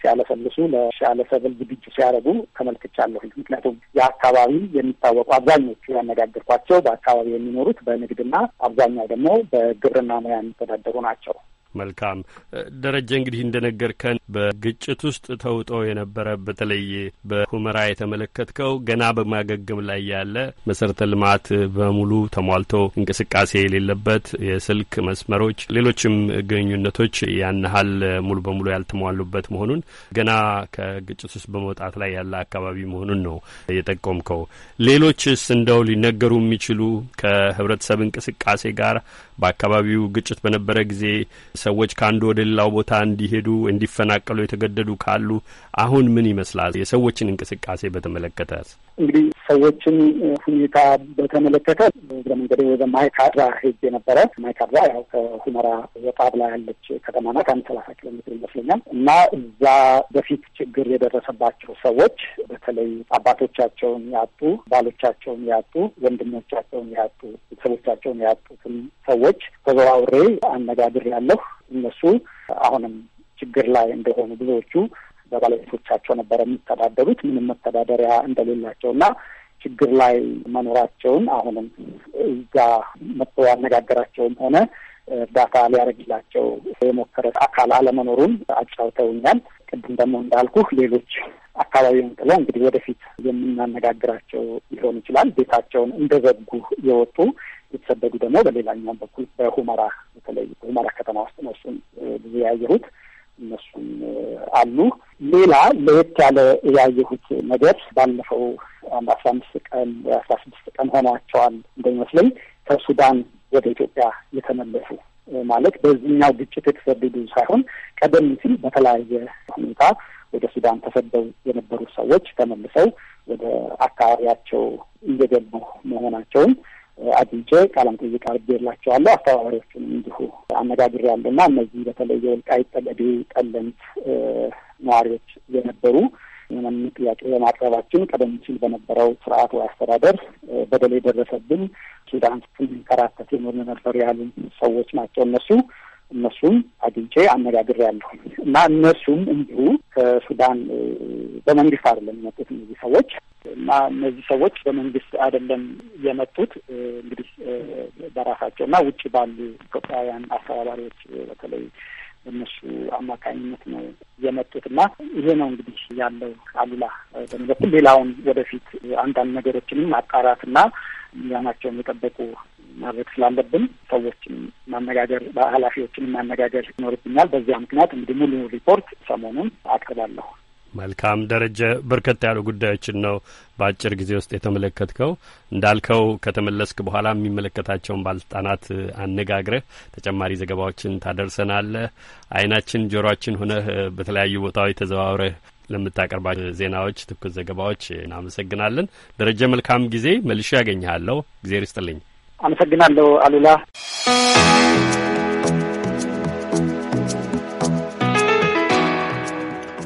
ሲያለሰልሱ ለእርሻ ለሰብል ዝግጁ ሲያደርጉ ተመልክቻለሁ። ምክንያቱም የአካባቢ የሚታወቁ አብዛኞቹ ያነጋግርኳቸው በአካባቢ የሚኖሩት በንግድና አብዛኛው ደግሞ በግብርና ሙያ የሚተዳደሩ ናቸው። መልካም ደረጀ፣ እንግዲህ እንደነገርከን በግጭት ውስጥ ተውጦ የነበረ በተለይ በሁመራ የተመለከትከው ገና በማገገም ላይ ያለ መሰረተ ልማት በሙሉ ተሟልቶ እንቅስቃሴ የሌለበት የስልክ መስመሮች፣ ሌሎችም ግንኙነቶች ያን ሙሉ በሙሉ ያልተሟሉበት መሆኑን ገና ከግጭት ውስጥ በመውጣት ላይ ያለ አካባቢ መሆኑን ነው የጠቆምከው። ሌሎችስ እንደው ሊነገሩ የሚችሉ ከህብረተሰብ እንቅስቃሴ ጋር በአካባቢው ግጭት በነበረ ጊዜ ሰዎች ከአንዱ ወደ ሌላው ቦታ እንዲሄዱ እንዲፈናቀሉ የተገደዱ ካሉ አሁን ምን ይመስላል? የሰዎችን እንቅስቃሴ በተመለከተ እንግዲህ ሰዎችን ሁኔታ በተመለከተ እግረ መንገዴ ወደ ማይካድራ ሄጄ የነበረ ማይካድራ ያው ከሁመራ ወጣ ብላ ያለች ከተማ ናት። አንድ ሰላሳ ኪሎ ሜትር ይመስለኛል። እና እዛ በፊት ችግር የደረሰባቸው ሰዎች በተለይ አባቶቻቸውን ያጡ፣ ባሎቻቸውን ያጡ፣ ወንድሞቻቸውን ያጡ፣ ቤተሰቦቻቸውን ያጡትን ሰዎች ተዘዋውሬ አነጋግር ያለሁ እነሱ አሁንም ችግር ላይ እንደሆኑ ብዙዎቹ በባለቤቶቻቸው ነበረ የሚተዳደሩት ምንም መተዳደሪያ እንደሌላቸው እና ችግር ላይ መኖራቸውን አሁንም እዛ መጥቶ ያነጋገራቸውም ሆነ እርዳታ ሊያደርግላቸው የሞከረ አካል አለመኖሩን አጫውተውኛል። ቅድም ደግሞ እንዳልኩህ ሌሎች አካባቢውን ጥለው እንግዲህ ወደፊት የምናነጋግራቸው ሊሆን ይችላል። ቤታቸውን እንደዘጉ የወጡ የተሰደዱ ደግሞ በሌላኛውም በኩል በሁመራ በተለይ ሁመራ ከተማ ውስጥ ነው እሱን ብዙ ያየሁት እነሱም አሉ። ሌላ ለየት ያለ ያየሁት ነገር ባለፈው አንድ አስራ አምስት ቀን አስራ ስድስት ቀን ሆኗቸዋል እንደሚመስለኝ ከሱዳን ወደ ኢትዮጵያ የተመለሱ ማለት በዚህኛው ግጭት የተሰደዱ ሳይሆን ቀደም ሲል በተለያየ ሁኔታ ወደ ሱዳን ተሰደው የነበሩ ሰዎች ተመልሰው ወደ አካባቢያቸው እየገቡ መሆናቸውን አግኝቼ ቃለመጠይቅ አድርጌላቸዋለሁ። አስተባባሪዎቹን እንዲሁ አነጋግሬያለሁ እና እነዚህ በተለይ የወልቃይት ጠገዴ፣ ጠለምት ነዋሪዎች የነበሩ ምንም ጥያቄ በማቅረባችን ቀደም ሲል በነበረው ስርዓት ወይ አስተዳደር በደል የደረሰብን ሱዳን ስንከራተት የኖርን ነበር ያሉን ሰዎች ናቸው እነሱ እነሱም አግኝቼ ያለሁ እና እነሱም እንዲሁ ከሱዳን በመንግስት አይደለም የመጡት እነዚህ ሰዎች እና እነዚህ ሰዎች በመንግስት አይደለም የመጡት እንግዲህ በራሳቸው እና ውጭ ባሉ ኢትዮጵያውያን አስተባባሪዎች በተለይ በእነሱ አማካኝነት ነው የመጡት እና ይሄ ነው እንግዲህ ያለው አሉላ በእኔ በኩል ሌላውን ወደፊት አንዳንድ ነገሮችንም አጣራትና ሚዛናቸውን የጠበቁ ማድረግ ስላለብን ሰዎችን ማነጋገር፣ ኃላፊዎችን ማነጋገር ይኖርብኛል። በዚያ ምክንያት እንግዲህ ሙሉ ሪፖርት ሰሞኑን አቅርባለሁ። መልካም ደረጀ፣ በርከት ያሉ ጉዳዮችን ነው በአጭር ጊዜ ውስጥ የተመለከትከው። እንዳልከው ከተመለስክ በኋላ የሚመለከታቸውን ባለስልጣናት አነጋግረህ ተጨማሪ ዘገባዎችን ታደርሰናለህ። አይናችን ጆሮአችን ሆነህ በተለያዩ ቦታዎች ተዘዋውረህ ለምታቀርባቸው ዜናዎች፣ ትኩስ ዘገባዎች እናመሰግናለን። ደረጀ፣ መልካም ጊዜ። መልሼ ያገኘሃለሁ። እግዜር ይስጥልኝ። አመሰግናለሁ አሉላ።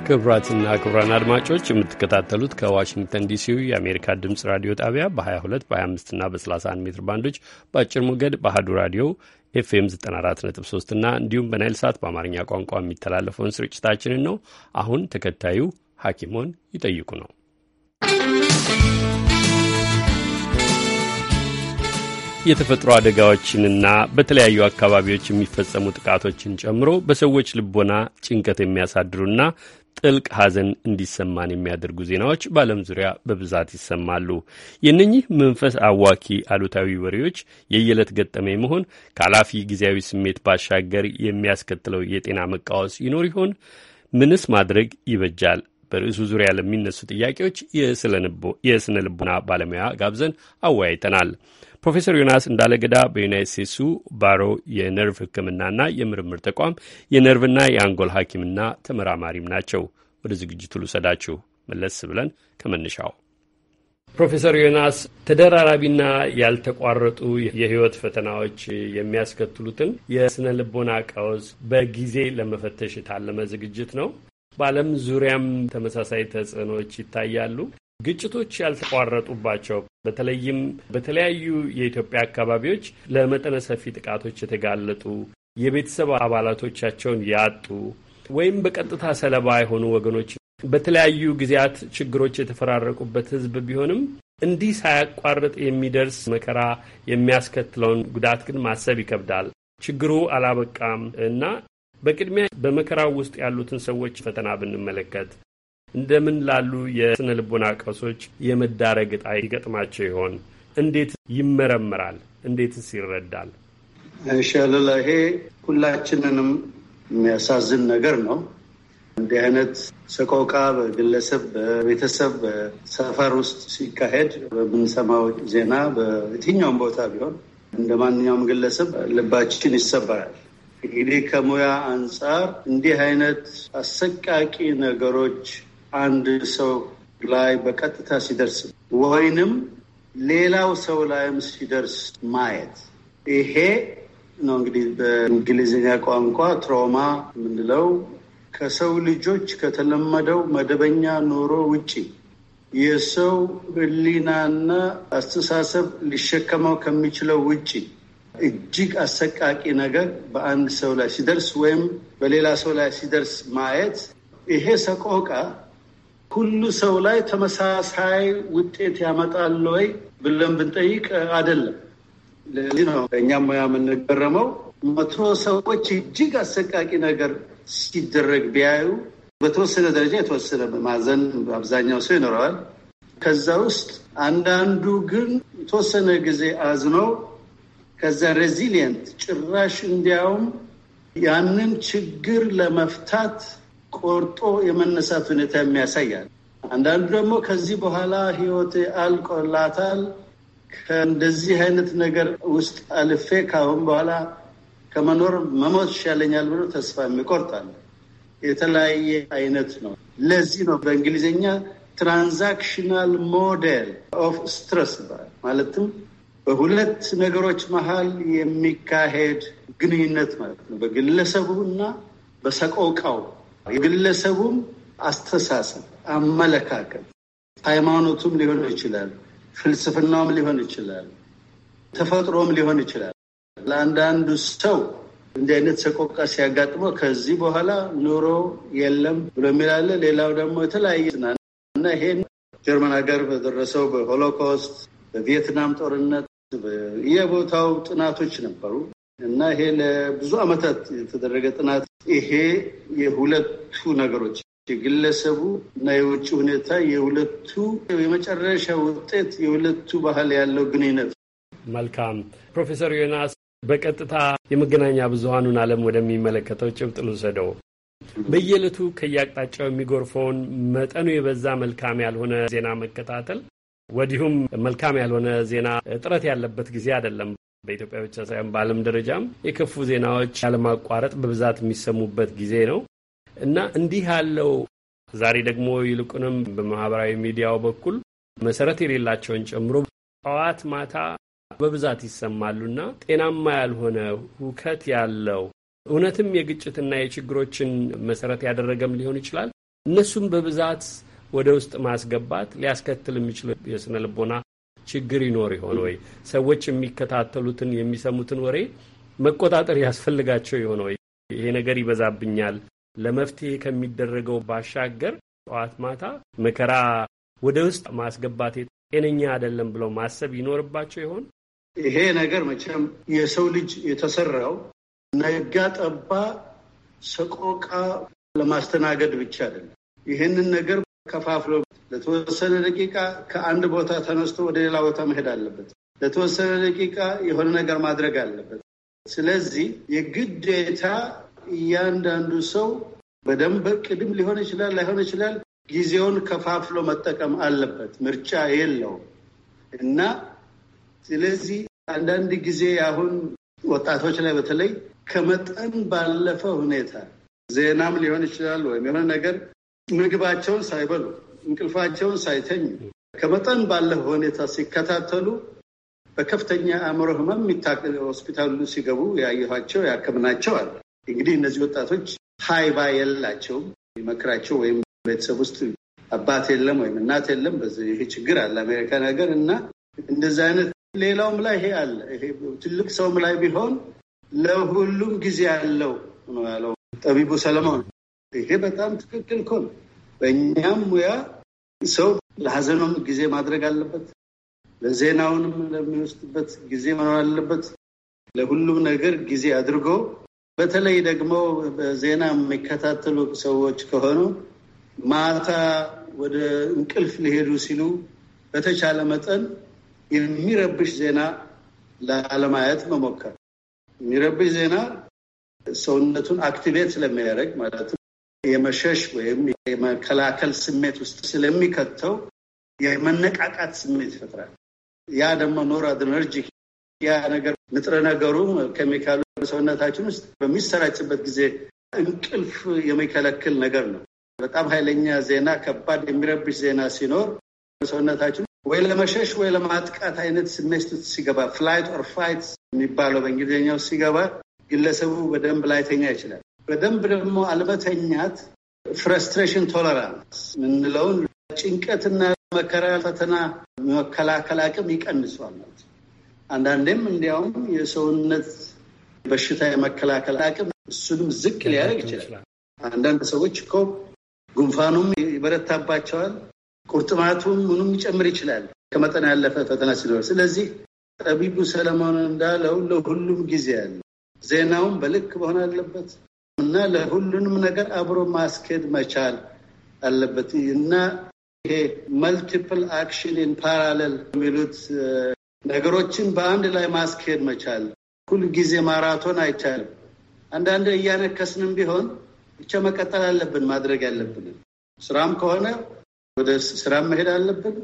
ክቡራትና ክቡራን አድማጮች የምትከታተሉት ከዋሽንግተን ዲሲው የአሜሪካ ድምጽ ራዲዮ ጣቢያ በ22 በ25ና በ31 ሜትር ባንዶች በአጭር ሞገድ በአህዱ ራዲዮ ኤፍኤም 94.3 እና እንዲሁም በናይል ሳት በአማርኛ ቋንቋ የሚተላለፈውን ስርጭታችንን ነው። አሁን ተከታዩ ሐኪሞን ይጠይቁ ነው። የተፈጥሮ አደጋዎችንና በተለያዩ አካባቢዎች የሚፈጸሙ ጥቃቶችን ጨምሮ በሰዎች ልቦና ጭንቀት የሚያሳድሩና ጥልቅ ሐዘን እንዲሰማን የሚያደርጉ ዜናዎች በዓለም ዙሪያ በብዛት ይሰማሉ። የእነኚህ መንፈስ አዋኪ አሉታዊ ወሬዎች የየዕለት ገጠመኝ መሆን ከኃላፊ ጊዜያዊ ስሜት ባሻገር የሚያስከትለው የጤና መቃወስ ይኖር ይሆን? ምንስ ማድረግ ይበጃል? በርዕሱ ዙሪያ ለሚነሱ ጥያቄዎች የስነ ልቦና ባለሙያ ጋብዘን አወያይተናል። ፕሮፌሰር ዮናስ እንዳለገዳ በዩናይት ስቴትሱ ባሮ የነርቭ ሕክምናና የምርምር ተቋም የነርቭና የአንጎል ሐኪምና ተመራማሪም ናቸው። ወደ ዝግጅቱ ልውሰዳችሁ መለስ ብለን ከመነሻው ፕሮፌሰር ዮናስ ተደራራቢና ያልተቋረጡ የህይወት ፈተናዎች የሚያስከትሉትን የስነ ልቦና ቀውስ በጊዜ ለመፈተሽ የታለመ ዝግጅት ነው። በዓለም ዙሪያም ተመሳሳይ ተጽዕኖዎች ይታያሉ። ግጭቶች ያልተቋረጡባቸው በተለይም በተለያዩ የኢትዮጵያ አካባቢዎች ለመጠነ ሰፊ ጥቃቶች የተጋለጡ የቤተሰብ አባላቶቻቸውን ያጡ ወይም በቀጥታ ሰለባ የሆኑ ወገኖች በተለያዩ ጊዜያት ችግሮች የተፈራረቁበት ሕዝብ ቢሆንም እንዲህ ሳያቋርጥ የሚደርስ መከራ የሚያስከትለውን ጉዳት ግን ማሰብ ይከብዳል። ችግሩ አላበቃም እና በቅድሚያ በመከራው ውስጥ ያሉትን ሰዎች ፈተና ብንመለከት እንደምን ላሉ የስነ ልቦና ቀውሶች የመዳረግ ዕጣ ይገጥማቸው ይሆን? እንዴት ይመረምራል? እንዴትስ ይረዳል? ሸለላሄ ይሄ ሁላችንንም የሚያሳዝን ነገር ነው። እንዲህ አይነት ሰቆቃ በግለሰብ በቤተሰብ በሰፈር ውስጥ ሲካሄድ በምንሰማው ዜና በየትኛውም ቦታ ቢሆን እንደ ማንኛውም ግለሰብ ልባችን ይሰበራል። እንግዲህ ከሙያ አንጻር እንዲህ አይነት አሰቃቂ ነገሮች አንድ ሰው ላይ በቀጥታ ሲደርስ ወይንም ሌላው ሰው ላይም ሲደርስ ማየት ይሄ ነው እንግዲህ በእንግሊዝኛ ቋንቋ ትራውማ የምንለው ከሰው ልጆች ከተለመደው መደበኛ ኑሮ ውጪ የሰው ህሊናና አስተሳሰብ ሊሸከመው ከሚችለው ውጪ እጅግ አሰቃቂ ነገር በአንድ ሰው ላይ ሲደርስ ወይም በሌላ ሰው ላይ ሲደርስ ማየት ይሄ ሰቆቃ ሁሉ ሰው ላይ ተመሳሳይ ውጤት ያመጣል ወይ ብለን ብንጠይቅ አይደለም። ለዚህ ነው እኛም ሙያ የምንገረመው መቶ ሰዎች እጅግ አሰቃቂ ነገር ሲደረግ ቢያዩ በተወሰነ ደረጃ የተወሰነ ማዘን አብዛኛው ሰው ይኖረዋል። ከዛ ውስጥ አንዳንዱ ግን የተወሰነ ጊዜ አዝነው ከዛ ሬዚሊየንት ጭራሽ እንዲያውም ያንን ችግር ለመፍታት ቆርጦ የመነሳት ሁኔታ የሚያሳያል። አንዳንዱ ደግሞ ከዚህ በኋላ ህይወት አልቆላታል ከእንደዚህ አይነት ነገር ውስጥ አልፌ ካሁን በኋላ ከመኖር መሞት ይሻለኛል ብሎ ተስፋ የሚቆርጣል። የተለያየ አይነት ነው። ለዚህ ነው በእንግሊዝኛ ትራንዛክሽናል ሞዴል ኦፍ ስትረስ ይባላል። ማለትም በሁለት ነገሮች መሀል የሚካሄድ ግንኙነት ማለት ነው። በግለሰቡ እና በሰቆቃው የግለሰቡም አስተሳሰብ፣ አመለካከት፣ ሃይማኖቱም ሊሆን ይችላል፣ ፍልስፍናውም ሊሆን ይችላል፣ ተፈጥሮም ሊሆን ይችላል። ለአንዳንዱ ሰው እንዲህ አይነት ሰቆቃ ሲያጋጥመው ከዚህ በኋላ ኑሮ የለም ብሎ የሚላለ፣ ሌላው ደግሞ የተለያየ እና ይሄን ጀርመን ሀገር በደረሰው በሆሎኮስት በቪየትናም ጦርነት የቦታው ጥናቶች ነበሩ። እና ይሄ ለብዙ ዓመታት የተደረገ ጥናት ይሄ የሁለቱ ነገሮች የግለሰቡ እና የውጭ ሁኔታ የሁለቱ የመጨረሻ ውጤት የሁለቱ ባህል ያለው ግንኙነት። መልካም ፕሮፌሰር ዮናስ በቀጥታ የመገናኛ ብዙሀኑን ዓለም ወደሚመለከተው ጭብጥ ልውሰደው። በየዕለቱ ከየአቅጣጫው የሚጎርፈውን መጠኑ የበዛ መልካም ያልሆነ ዜና መከታተል ወዲሁም መልካም ያልሆነ ዜና እጥረት ያለበት ጊዜ አይደለም። በኢትዮጵያ ብቻ ሳይሆን በዓለም ደረጃም የከፉ ዜናዎች ያለማቋረጥ በብዛት የሚሰሙበት ጊዜ ነው እና እንዲህ ያለው ዛሬ ደግሞ ይልቁንም በማህበራዊ ሚዲያው በኩል መሰረት የሌላቸውን ጨምሮ ጠዋት ማታ በብዛት ይሰማሉና ጤናማ ያልሆነ ሁከት ያለው እውነትም የግጭትና የችግሮችን መሰረት ያደረገም ሊሆን ይችላል። እነሱም በብዛት ወደ ውስጥ ማስገባት ሊያስከትል የሚችለው የስነ ልቦና ችግር ይኖር ይሆን ወይ? ሰዎች የሚከታተሉትን የሚሰሙትን ወሬ መቆጣጠር ያስፈልጋቸው ይሆን ወይ? ይሄ ነገር ይበዛብኛል፣ ለመፍትሄ ከሚደረገው ባሻገር ጠዋት ማታ መከራ ወደ ውስጥ ማስገባት ጤነኛ አይደለም ብለው ማሰብ ይኖርባቸው ይሆን? ይሄ ነገር መቼም የሰው ልጅ የተሰራው ነጋ ጠባ ሰቆቃ ለማስተናገድ ብቻ አይደለም። ይህንን ነገር ከፋፍሎ ለተወሰነ ደቂቃ ከአንድ ቦታ ተነስቶ ወደ ሌላ ቦታ መሄድ አለበት። ለተወሰነ ደቂቃ የሆነ ነገር ማድረግ አለበት። ስለዚህ የግዴታ እያንዳንዱ ሰው በደንብ ቅድም ሊሆን ይችላል ላይሆን ይችላል፣ ጊዜውን ከፋፍሎ መጠቀም አለበት። ምርጫ የለውም እና ስለዚህ አንዳንድ ጊዜ አሁን ወጣቶች ላይ በተለይ ከመጠን ባለፈ ሁኔታ ዜናም ሊሆን ይችላል ወይም የሆነ ነገር ምግባቸውን ሳይበሉ እንቅልፋቸውን ሳይተኙ ከመጠን ባለ ሁኔታ ሲከታተሉ በከፍተኛ አእምሮ ህመም ሆስፒታሉ ሲገቡ ያየኋቸው ያከምናቸው አለ። እንግዲህ እነዚህ ወጣቶች ሀይባ የላቸውም። ይመክራቸው ወይም ቤተሰብ ውስጥ አባት የለም ወይም እናት የለም። በዚህ ይሄ ችግር አለ አሜሪካ ነገር እና እንደዚህ አይነት ሌላውም ላይ ይሄ አለ። ይሄ ትልቅ ሰውም ላይ ቢሆን ለሁሉም ጊዜ አለው ነው ያለው ጠቢቡ ሰለሞን። ይሄ በጣም ትክክል እኮ ነው። በእኛም ሙያ ሰው ለሀዘኑም ጊዜ ማድረግ አለበት። ለዜናውንም ለሚወስድበት ጊዜ መኖር አለበት። ለሁሉም ነገር ጊዜ አድርጎ በተለይ ደግሞ በዜና የሚከታተሉ ሰዎች ከሆኑ ማታ ወደ እንቅልፍ ሊሄዱ ሲሉ በተቻለ መጠን የሚረብሽ ዜና ላለማየት መሞከር። የሚረብሽ ዜና ሰውነቱን አክቲቬት ስለሚያደርግ ማለትም የመሸሽ ወይም የመከላከል ስሜት ውስጥ ስለሚከተው የመነቃቃት ስሜት ይፈጥራል። ያ ደግሞ ኖር ያ ነገር ንጥረ ነገሩ ኬሚካሉ ሰውነታችን ውስጥ በሚሰራጭበት ጊዜ እንቅልፍ የሚከለክል ነገር ነው። በጣም ኃይለኛ ዜና፣ ከባድ የሚረብሽ ዜና ሲኖር ሰውነታችን ወይ ለመሸሽ ወይ ለማጥቃት አይነት ስሜት ሲገባ ፍላይት ኦር ፋይት የሚባለው በእንግሊዝኛው ሲገባ ግለሰቡ በደንብ ላይተኛ ይችላል። በደንብ ደግሞ አልበተኛት ፍረስትሬሽን ቶለራንስ የምንለውን ጭንቀትና መከራ ፈተና መከላከል አቅም ይቀንሷል። አንዳንዴም እንዲያውም የሰውነት በሽታ የመከላከል አቅም እሱንም ዝቅ ሊያደርግ ይችላል። አንዳንድ ሰዎች እኮ ጉንፋኑም ይበረታባቸዋል፣ ቁርጥማቱም ምኑም ይጨምር ይችላል ከመጠን ያለፈ ፈተና ሲኖር። ስለዚህ ጠቢቡ ሰለሞን እንዳለው ለሁሉም ጊዜ ያለ ዜናውም በልክ መሆን አለበት፣ እና ለሁሉንም ነገር አብሮ ማስኬድ መቻል አለበት እና ይሄ መልቲፕል አክሽን ኢን ፓራሌል የሚሉት ነገሮችን በአንድ ላይ ማስኬድ መቻል። ሁል ጊዜ ማራቶን አይቻልም። አንዳንድ እያነከስንም ቢሆን ብቻ መቀጠል አለብን። ማድረግ ያለብን ስራም ከሆነ ወደ ስራም መሄድ አለብን።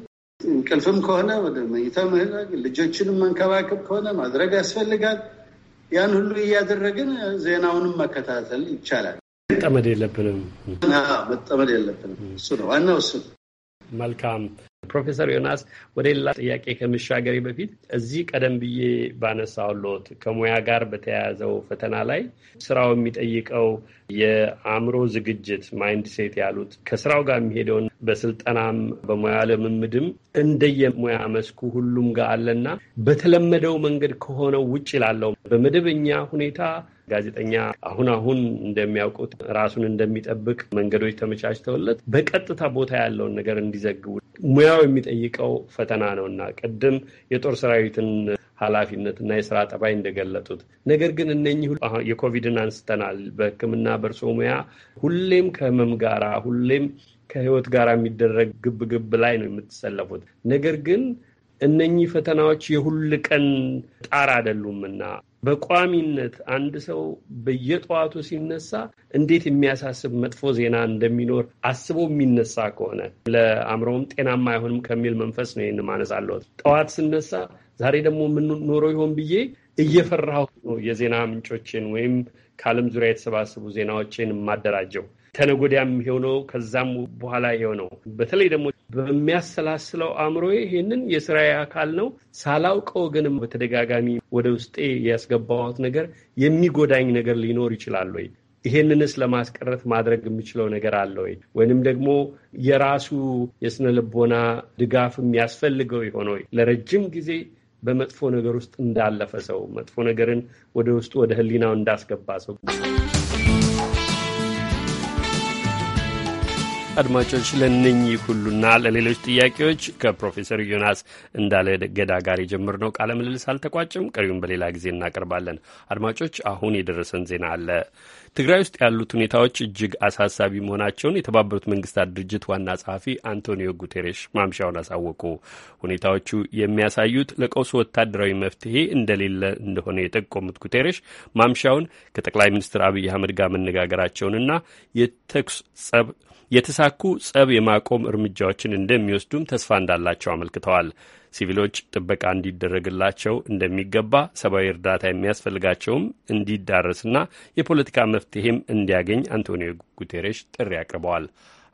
እንቅልፍም ከሆነ ወደ መኝታ መሄድ፣ ልጆችንም መንከባከብ ከሆነ ማድረግ ያስፈልጋል። ያን ሁሉ እያደረግን ዜናውንም መከታተል ይቻላል። መጠመድ የለብንም መጠመድ የለብንም። እሱ ነው ዋናው እሱ። መልካም ፕሮፌሰር ዮናስ ወደ ሌላ ጥያቄ ከመሻገሬ በፊት እዚህ ቀደም ብዬ ባነሳሁልዎት ከሙያ ጋር በተያያዘው ፈተና ላይ ስራው የሚጠይቀው የአእምሮ ዝግጅት ማይንድ ሴት ያሉት ከስራው ጋር የሚሄደውን በስልጠናም በሙያ ልምምድም እንደየሙያ መስኩ ሁሉም ጋር አለና በተለመደው መንገድ ከሆነው ውጭ ላለው በመደበኛ ሁኔታ ጋዜጠኛ አሁን አሁን እንደሚያውቁት ራሱን እንደሚጠብቅ መንገዶች ተመቻችተውለት በቀጥታ ቦታ ያለውን ነገር እንዲዘግቡ ሙያው የሚጠይቀው ፈተና ነው እና ቅድም የጦር ሰራዊትን ኃላፊነት እና የስራ ጠባይ እንደገለጡት ነገር ግን እነኚህ የኮቪድን አንስተናል። በሕክምና በእርሶ ሙያ ሁሌም ከህመም ጋራ ሁሌም ከህይወት ጋር የሚደረግ ግብ ግብ ላይ ነው የምትሰለፉት። ነገር ግን እነኚህ ፈተናዎች የሁል ቀን ጣር አይደሉምና በቋሚነት አንድ ሰው በየጠዋቱ ሲነሳ እንዴት የሚያሳስብ መጥፎ ዜና እንደሚኖር አስቦ የሚነሳ ከሆነ ለአእምሮውም ጤናማ አይሆንም ከሚል መንፈስ ነው ይህን ማነሳለሁት። ጠዋት ስነሳ ዛሬ ደግሞ የምንኖረው ይሆን ብዬ እየፈራሁ ነው የዜና ምንጮችን ወይም ከዓለም ዙሪያ የተሰባሰቡ ዜናዎችን የማደራጀው። ተነጎዳ የሆነው ከዛም በኋላ የሆነው በተለይ ደግሞ በሚያሰላስለው አእምሮ ይህንን የስራዬ አካል ነው ሳላውቀው ግን በተደጋጋሚ ወደ ውስጤ ያስገባሁት ነገር የሚጎዳኝ ነገር ሊኖር ይችላል ወይ? ይሄንንስ ለማስቀረት ማድረግ የሚችለው ነገር አለ ወይ? ወይንም ደግሞ የራሱ የስነ ልቦና ድጋፍ የሚያስፈልገው የሆነ ወይ? ለረጅም ጊዜ በመጥፎ ነገር ውስጥ እንዳለፈ ሰው መጥፎ ነገርን ወደ ውስጡ ወደ ህሊናው እንዳስገባ ሰው አድማጮች ለነኚህ ሁሉና ለሌሎች ጥያቄዎች ከፕሮፌሰር ዮናስ እንዳለ ገዳ ጋር የጀመርነው ቃለ ምልልስ አልተቋጭም። ቀሪውን በሌላ ጊዜ እናቀርባለን። አድማጮች አሁን የደረሰን ዜና አለ። ትግራይ ውስጥ ያሉት ሁኔታዎች እጅግ አሳሳቢ መሆናቸውን የተባበሩት መንግስታት ድርጅት ዋና ጸሐፊ አንቶኒዮ ጉቴሬሽ ማምሻውን አሳወቁ። ሁኔታዎቹ የሚያሳዩት ለቀውሱ ወታደራዊ መፍትሄ እንደሌለ እንደሆነ የጠቆሙት ጉቴሬሽ ማምሻውን ከጠቅላይ ሚኒስትር አብይ አህመድ ጋር መነጋገራቸውንና የተኩስ ጸብ የተሳኩ ጸብ የማቆም እርምጃዎችን እንደሚወስዱም ተስፋ እንዳላቸው አመልክተዋል። ሲቪሎች ጥበቃ እንዲደረግላቸው እንደሚገባ፣ ሰብአዊ እርዳታ የሚያስፈልጋቸውም እንዲዳረስና የፖለቲካ መፍትሄም እንዲያገኝ አንቶኒዮ ጉቴሬሽ ጥሪ አቅርበዋል።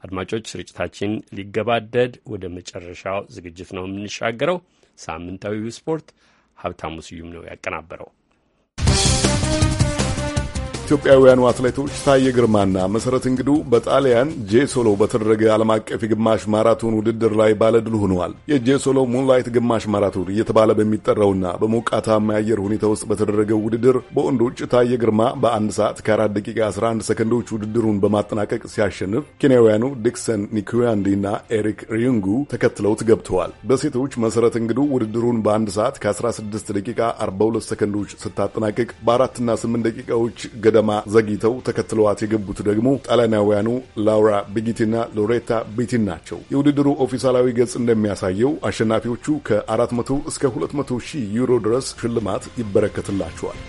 አድማጮች፣ ስርጭታችን ሊገባደድ ወደ መጨረሻው ዝግጅት ነው የምንሻገረው። ሳምንታዊው ስፖርት ሀብታሙ ስዩም ነው ያቀናበረው። ኢትዮጵያውያኑ አትሌቶች ታየ ግርማና መሠረት እንግዱ በጣሊያን ጄሶሎ በተደረገ ዓለም አቀፍ የግማሽ ማራቶን ውድድር ላይ ባለድል ሆነዋል። የጄሶሎ ሙንላይት ግማሽ ማራቶን እየተባለ በሚጠራውና በሞቃታማ የአየር ሁኔታ ውስጥ በተደረገው ውድድር በወንዶች ታየ ግርማ በ1 ሰዓት ከ4 ደቂቃ 11 ሰከንዶች ውድድሩን በማጠናቀቅ ሲያሸንፍ፣ ኬንያውያኑ ዲክሰን ኒኩያንዲና ኤሪክ ሪዩንጉ ተከትለውት ገብተዋል። በሴቶች መሠረት እንግዱ ውድድሩን በአንድ ሰዓት ከ16 ደቂቃ 42 ሰከንዶች ስታጠናቅቅ በአራትና 8 ደቂቃዎች ገ ገደማ ዘግይተው ተከትለዋት የገቡት ደግሞ ጣሊያናውያኑ ላውራ ቢጊቲና ሎሬታ ቢቲን ናቸው። የውድድሩ ኦፊሳላዊ ገጽ እንደሚያሳየው አሸናፊዎቹ ከ400 እስከ 200 ሺህ ዩሮ ድረስ ሽልማት ይበረከትላቸዋል።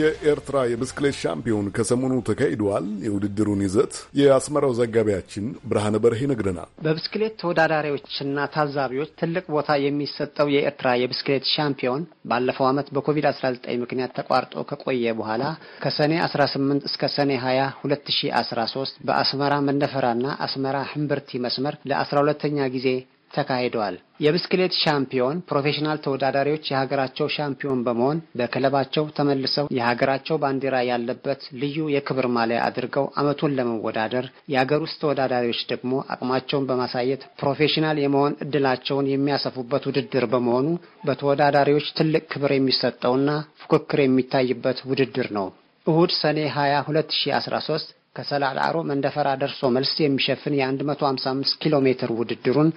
የኤርትራ የብስክሌት ሻምፒዮን ከሰሞኑ ተካሂደዋል። የውድድሩን ይዘት የአስመራው ዘጋቢያችን ብርሃነ በርሄ ይነግረናል። በብስክሌት ተወዳዳሪዎችና ታዛቢዎች ትልቅ ቦታ የሚሰጠው የኤርትራ የብስክሌት ሻምፒዮን ባለፈው ዓመት በኮቪድ-19 ምክንያት ተቋርጦ ከቆየ በኋላ ከሰኔ 18 እስከ ሰኔ 20 2013 በአስመራ መነፈራና አስመራ ሕምብርቲ መስመር ለ12ኛ ጊዜ ተካሂደዋል። የብስክሌት ሻምፒዮን ፕሮፌሽናል ተወዳዳሪዎች የሀገራቸው ሻምፒዮን በመሆን በክለባቸው ተመልሰው የሀገራቸው ባንዲራ ያለበት ልዩ የክብር ማሊያ አድርገው ዓመቱን ለመወዳደር፣ የሀገር ውስጥ ተወዳዳሪዎች ደግሞ አቅማቸውን በማሳየት ፕሮፌሽናል የመሆን እድላቸውን የሚያሰፉበት ውድድር በመሆኑ በተወዳዳሪዎች ትልቅ ክብር የሚሰጠውና ፉክክር የሚታይበት ውድድር ነው። እሁድ ሰኔ 20 2013 ከሰላልአሮ መንደፈራ ደርሶ መልስ የሚሸፍን የ155 ኪሎ ሜትር ውድድሩን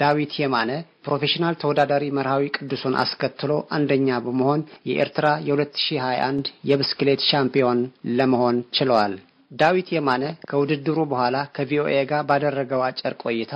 ዳዊት የማነ ፕሮፌሽናል ተወዳዳሪ መርሃዊ ቅዱሱን አስከትሎ አንደኛ በመሆን የኤርትራ የ2021 የብስክሌት ሻምፒዮን ለመሆን ችለዋል። ዳዊት የማነ ከውድድሩ በኋላ ከቪኦኤ ጋር ባደረገው አጭር ቆይታ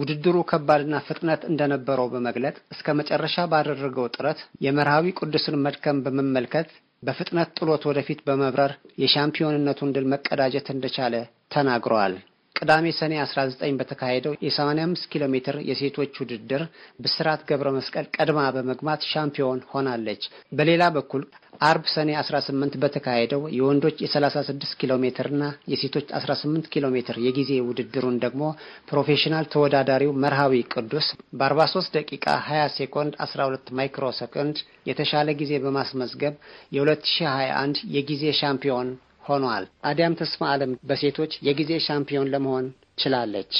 ውድድሩ ከባድና ፍጥነት እንደነበረው በመግለጥ እስከ መጨረሻ ባደረገው ጥረት የመርሃዊ ቅዱስን መድከም በመመልከት በፍጥነት ጥሎት ወደፊት በመብረር የሻምፒዮንነቱን ድል መቀዳጀት እንደቻለ ተናግረዋል። ቅዳሜ ሰኔ 19 በተካሄደው የ85 ኪሎ ሜትር የሴቶች ውድድር ብስራት ገብረ መስቀል ቀድማ በመግማት ሻምፒዮን ሆናለች። በሌላ በኩል አርብ ሰኔ 18 በተካሄደው የወንዶች የ36 ኪሎ ሜትርና የሴቶች 18 ኪሎ ሜትር የጊዜ ውድድሩን ደግሞ ፕሮፌሽናል ተወዳዳሪው መርሃዊ ቅዱስ በ43 ደቂቃ 20 ሴኮንድ 12 ማይክሮ ሰኮንድ የተሻለ ጊዜ በማስመዝገብ የ2021 የጊዜ ሻምፒዮን ሆኗል። አዲያም ተስፋ ዓለም በሴቶች የጊዜ ሻምፒዮን ለመሆን ችላለች።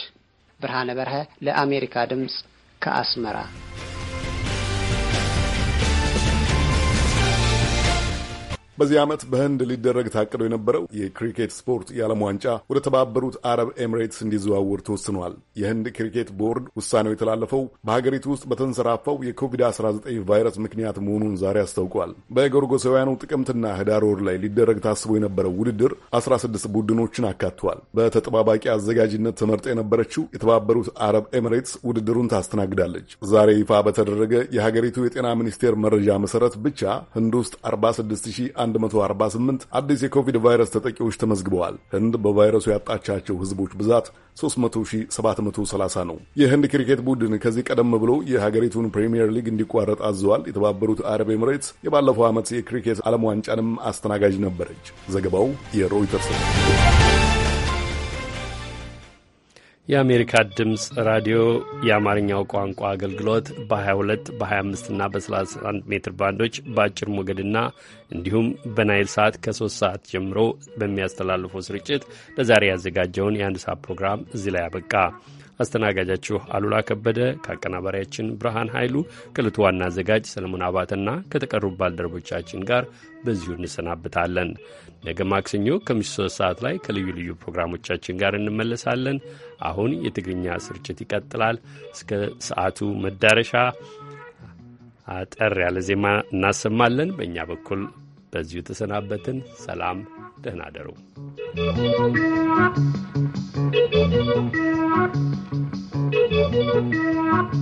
ብርሃነ በርሀ ለአሜሪካ ድምፅ ከአስመራ በዚህ ዓመት በህንድ ሊደረግ ታቅዶ የነበረው የክሪኬት ስፖርት የዓለም ዋንጫ ወደ ተባበሩት አረብ ኤሚሬትስ እንዲዘዋወር ተወስኗል። የህንድ ክሪኬት ቦርድ ውሳኔው የተላለፈው በሀገሪቱ ውስጥ በተንሰራፋው የኮቪድ-19 ቫይረስ ምክንያት መሆኑን ዛሬ አስታውቋል። በጎርጎሳውያኑ ጥቅምትና ህዳር ወር ላይ ሊደረግ ታስቦ የነበረው ውድድር 16 ቡድኖችን አካቷል። በተጠባባቂ አዘጋጅነት ተመርጠ የነበረችው የተባበሩት አረብ ኤምሬትስ ውድድሩን ታስተናግዳለች። ዛሬ ይፋ በተደረገ የሀገሪቱ የጤና ሚኒስቴር መረጃ መሠረት ብቻ ህንድ ውስጥ 46 አዲስ የኮቪድ ቫይረስ ተጠቂዎች ተመዝግበዋል። ህንድ በቫይረሱ ያጣቻቸው ህዝቦች ብዛት 3730 ነው። የህንድ ክሪኬት ቡድን ከዚህ ቀደም ብሎ የሀገሪቱን ፕሪምየር ሊግ እንዲቋረጥ አዘዋል። የተባበሩት አረብ ኤምሬትስ የባለፈው ዓመት የክሪኬት ዓለም ዋንጫንም አስተናጋጅ ነበረች። ዘገባው የሮይተርስ ነው። የአሜሪካ ድምፅ ራዲዮ የአማርኛው ቋንቋ አገልግሎት በ22 በ25 እና በ31 ሜትር ባንዶች በአጭር ሞገድና እንዲሁም በናይል ሰዓት ከ3 ሰዓት ጀምሮ በሚያስተላልፈው ስርጭት ለዛሬ ያዘጋጀውን የአንድ ሰዓት ፕሮግራም እዚህ ላይ አበቃ። አስተናጋጃችሁ አሉላ ከበደ ከአቀናባሪያችን ብርሃን ኃይሉ ከዕለቱ ዋና አዘጋጅ ሰለሞን አባትና ከተቀሩ ባልደረቦቻችን ጋር በዚሁ እንሰናብታለን። ነገ ማክሰኞ ከምሽቱ ሶስት ሰዓት ላይ ከልዩ ልዩ ፕሮግራሞቻችን ጋር እንመለሳለን። አሁን የትግርኛ ስርጭት ይቀጥላል። እስከ ሰዓቱ መዳረሻ አጠር ያለ ዜማ እናሰማለን። በእኛ በኩል በዚሁ ተሰናበትን። ሰላም፣ ደህና አደሩ። Thank you.